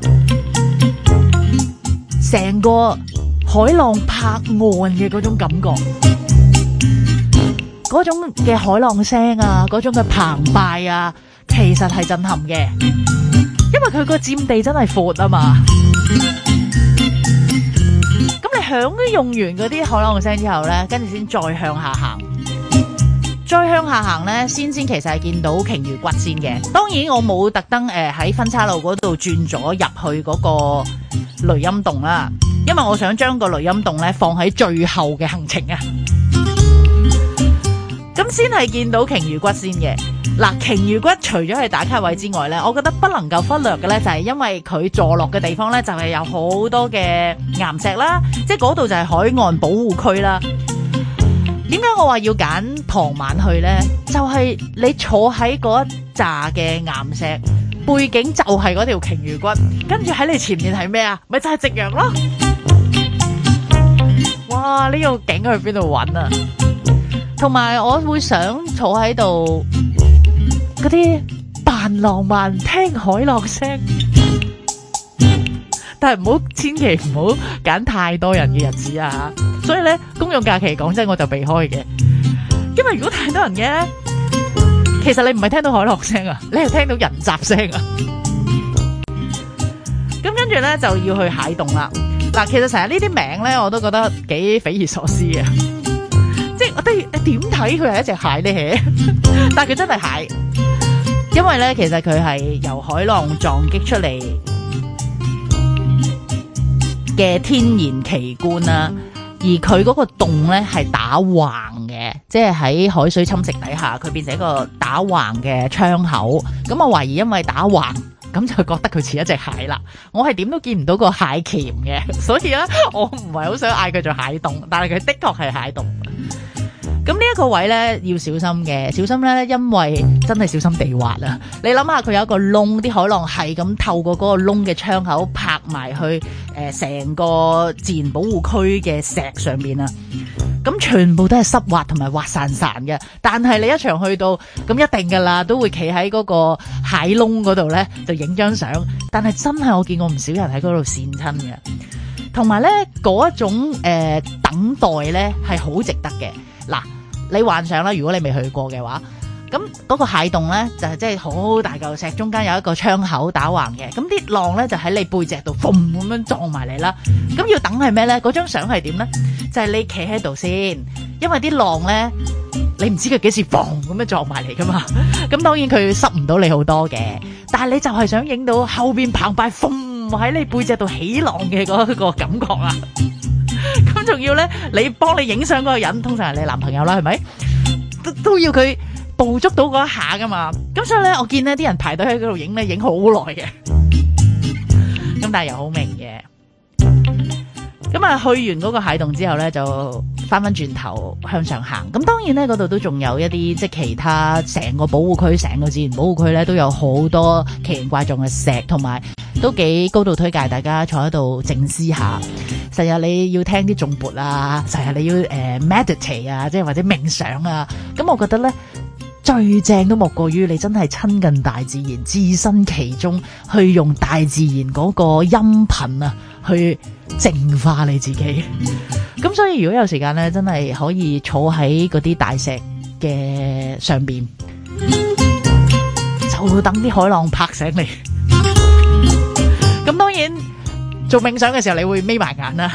成個海浪拍岸嘅嗰種感覺，嗰種嘅海浪聲啊，嗰種嘅澎湃啊，其實係震撼嘅，因為佢個佔地真係闊啊嘛。咁你響用完嗰啲海浪聲之後呢，跟住先再向下行，再向下行呢，先先其實係見到鯨魚骨先嘅。當然我冇特登誒喺分岔路嗰度轉咗入去嗰個雷音洞啦，因為我想將個雷音洞呢放喺最後嘅行程啊。咁先係見到鯨魚骨先嘅，嗱，鯨魚骨除咗係打卡位之外呢，我覺得不能夠忽略嘅呢，就係因為佢坐落嘅地方呢，就係有好多嘅岩石啦，即係嗰度就係海岸保護區啦。點解我話要揀傍晚去呢？就係你坐喺嗰扎嘅岩石，背景就係嗰條鯨魚骨，跟住喺你前面係咩啊？咪就係夕陽咯！哇，呢個景去邊度揾啊？同埋我會想坐喺度嗰啲扮浪漫聽海浪聲，但係唔好千祈唔好揀太多人嘅日子啊！所以咧，公用假期講真的，我就避開嘅，因為如果太多人嘅，其實你唔係聽到海浪聲啊，你係聽到人雜聲啊。咁跟住咧就要去蟹洞啦。嗱，其實成日呢啲名咧，我都覺得幾匪夷所思啊。我哋、啊，你點睇佢係一隻蟹咧？ 但係佢真係蟹，因為咧，其實佢係由海浪撞擊出嚟嘅天然奇觀啦。而佢嗰個洞咧係打橫嘅，即係喺海水侵蝕底下，佢變成一個打橫嘅窗口。咁我懷疑因為打橫，咁就覺得佢似一隻蟹啦。我係點都見唔到個蟹鉗嘅，所以咧，我唔係好想嗌佢做蟹洞，但係佢的確係蟹洞。咁呢一個位呢，要小心嘅，小心呢，因為真係小心地滑啊！你諗下，佢有一個窿，啲海浪係咁透過嗰個窿嘅窗口拍埋去誒，成、呃、個自然保護區嘅石上面啊。咁全部都係濕滑同埋滑潺潺嘅。但係你一場去到咁一定噶啦，都會企喺嗰個蟹窿嗰度呢，就影張相。但係真係我見過唔少人喺嗰度跣親嘅，同埋呢，嗰一種誒、呃、等待呢，係好值得嘅。嗱，你幻想啦，如果你未去過嘅話，咁嗰個蟹洞咧就係即係好大嚿石中間有一個窗口打橫嘅，咁啲浪咧就喺你背脊度嘣咁樣撞埋嚟啦。咁要等係咩咧？嗰張相係點咧？就係、是、你企喺度先，因為啲浪咧你唔知佢幾時嘣咁樣撞埋嚟噶嘛。咁當然佢濕唔到你好多嘅，但係你就係想影到後邊澎湃嘣喺你背脊度起浪嘅嗰個感覺啦！仲要咧，你幫你影相嗰個人，通常係你男朋友啦，係咪？都都要佢捕捉到嗰一下㗎嘛。咁所以咧，我見呢啲人排隊喺嗰度影咧，影好耐嘅。咁但係又好明嘅。咁啊，去完嗰個蟹洞之後咧，就返返轉頭向上行。咁當然咧，嗰度都仲有一啲即係其他成個保護區、成個自然保護區咧，都有好多奇形怪狀嘅石同埋。都幾高度推介，大家坐喺度靜思下。成日你要聽啲頌缽啊，成日你要誒、uh, meditate 啊，即係或者冥想啊。咁我覺得呢，最正都莫過於你真係親近大自然，置身其中，去用大自然嗰個音頻啊，去淨化你自己。咁所以如果有時間呢，真係可以坐喺嗰啲大石嘅上邊，就等啲海浪拍醒你。咁當然做冥想嘅時候，你會眯埋眼啦。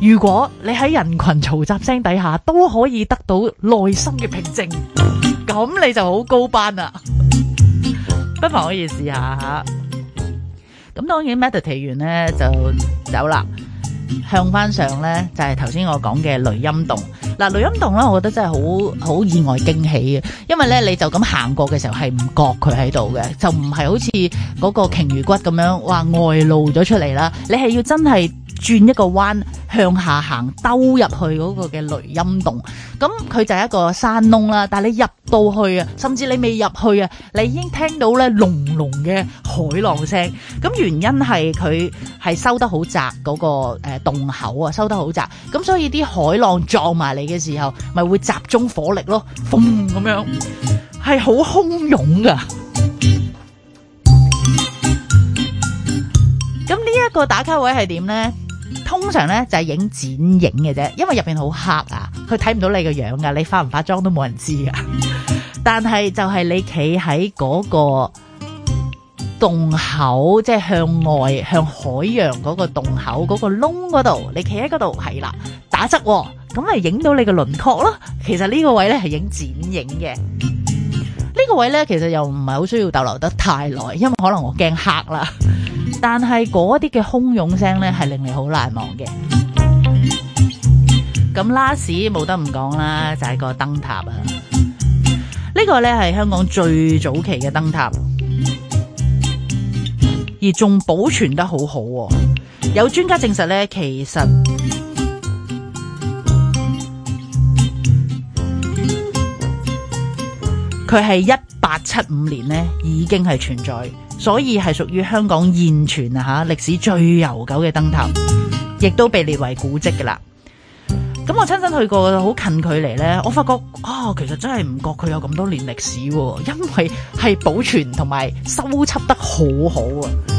如果你喺人群嘈雜聲底下都可以得到內心嘅平靜，咁你就好高班啦。不妨可以試下吓。咁當然，meditate 完咧就走啦。向翻上呢，就係頭先我講嘅雷音洞。嗱，雷音洞呢，我覺得真係好好意外驚喜嘅，因為呢，你就咁行過嘅時候係唔覺佢喺度嘅，就唔係好似嗰個鯨魚骨咁樣話外露咗出嚟啦。你係要真係。轉一個彎向下行，兜入去嗰個嘅雷音洞，咁佢就係一個山窿啦。但係你入到去啊，甚至你未入去啊，你已經聽到咧隆隆嘅海浪聲。咁原因係佢係收得好窄嗰個誒洞口啊，收得好窄，咁所以啲海浪撞埋嚟嘅時候，咪會集中火力咯，風咁樣，係好洶湧噶。咁呢一個打卡位係點呢？通常咧就係、是、影剪影嘅啫，因為入邊好黑啊，佢睇唔到你個樣噶，你化唔化妝都冇人知啊。 但係就係你企喺嗰個洞口，即、就、係、是、向外向海洋嗰個洞口嗰、那個窿嗰度，你企喺嗰度係啦，打側咁咪影到你個輪廓咯。其實呢個位咧係影剪影嘅，呢、這個位咧其實又唔係好需要逗留得太耐，因為可能我驚黑啦。但係嗰啲嘅洶湧聲咧，係令你好難忘嘅。咁拉 a 冇得唔講啦，就係、是、個燈塔啊！這個、呢個咧係香港最早期嘅燈塔，而仲保存得很好好、哦。有專家證實咧，其實佢係一八七五年咧已經係存在。所以係屬於香港現存吓、啊、歷史最悠久嘅燈塔，亦都被列為古蹟噶啦。咁我親身去過好近距離呢，我發覺啊、哦，其實真係唔覺佢有咁多年歷史喎、啊，因為係保存同埋修葺得好好啊。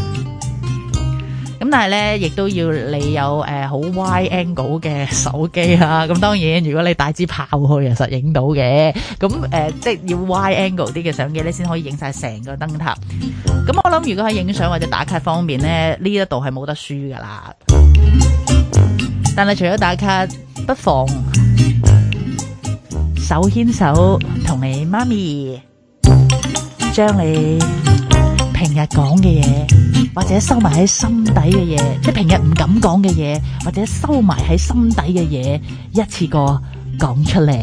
咁但係咧，亦都要你有誒好 wide angle 嘅手機啊。咁當然，如果你帶支炮去，實影到嘅。咁誒、呃，即係要 wide angle 啲嘅相機，你先可以影晒成個燈塔。咁我諗，如果喺影相或者打卡方面咧，呢一度係冇得輸噶啦。但係除咗打卡，不妨手牽手同你媽咪將你，平日講嘅嘢，或者收埋喺心底嘅嘢，即係平日唔敢講嘅嘢，或者收埋喺心底嘅嘢，一次過講出嚟，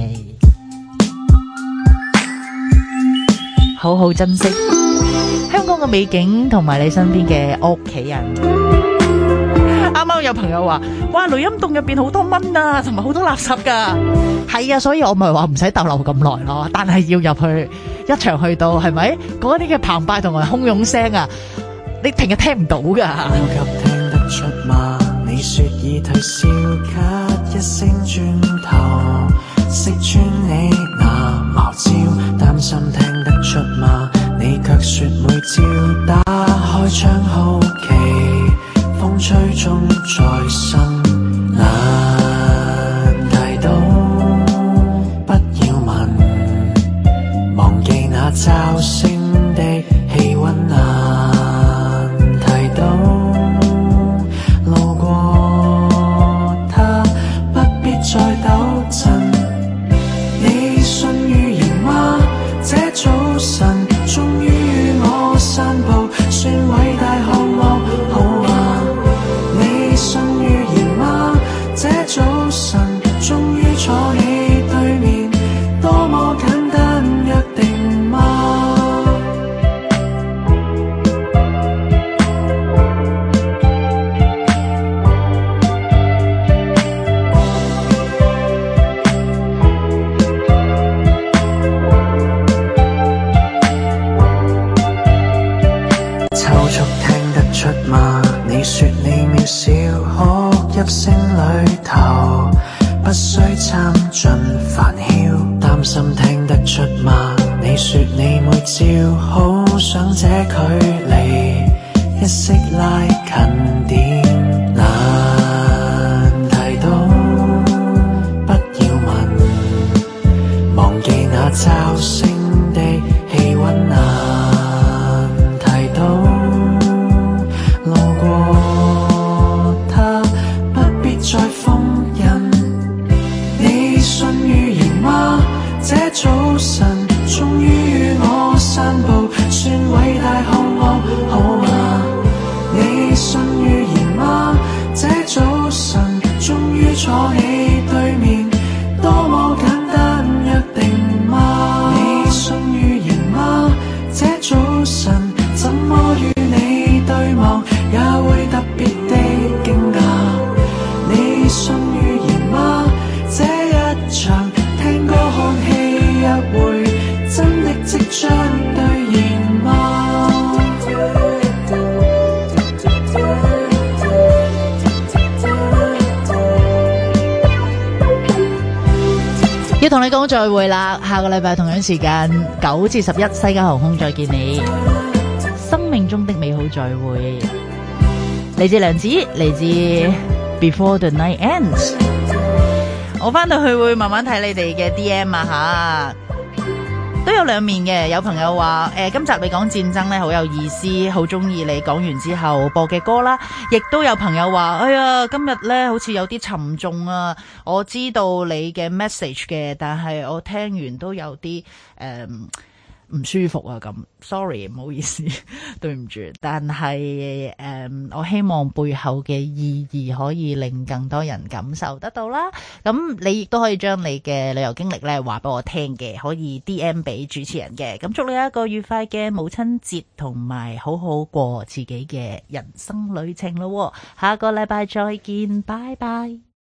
好好珍惜香港嘅美景同埋你身邊嘅屋企人。啱啱有朋友話，哇！雷音洞入邊好多蚊啊，同埋好多垃圾噶、啊，係啊，所以我咪話唔使逗留咁耐咯，但係要入去一場去到，係咪？嗰啲嘅澎湃同埋洶湧聲啊，你平日聽唔到噶。聽得出嗎？你說風吹中再生，難提到。不要問，忘記那嘲笑。會啦，下個禮拜同樣時間九至十一，西加航空再見你，生命中的美好再會，嚟自梁子，嚟自 Before the Night Ends，我返到去會慢慢睇你哋嘅 D M 啊吓，都有兩面嘅，有朋友話誒、欸，今集你講戰爭咧好有意思，好中意你講完之後播嘅歌啦。亦都有朋友話，哎呀，今日呢，好似有啲沉重啊！我知道你嘅 message 嘅，但係我聽完都有啲誒，唔舒服啊！咁 sorry，唔好意思， 對唔住。但係誒、嗯，我希望背後嘅意義可以令更多人感受得到啦。咁你亦都可以將你嘅旅遊經歷呢，話俾我聽嘅，可以 DM 俾主持人嘅。咁祝你一個愉快嘅母親節，同埋好好過自己嘅人生旅程咯。下個禮拜再見，拜拜。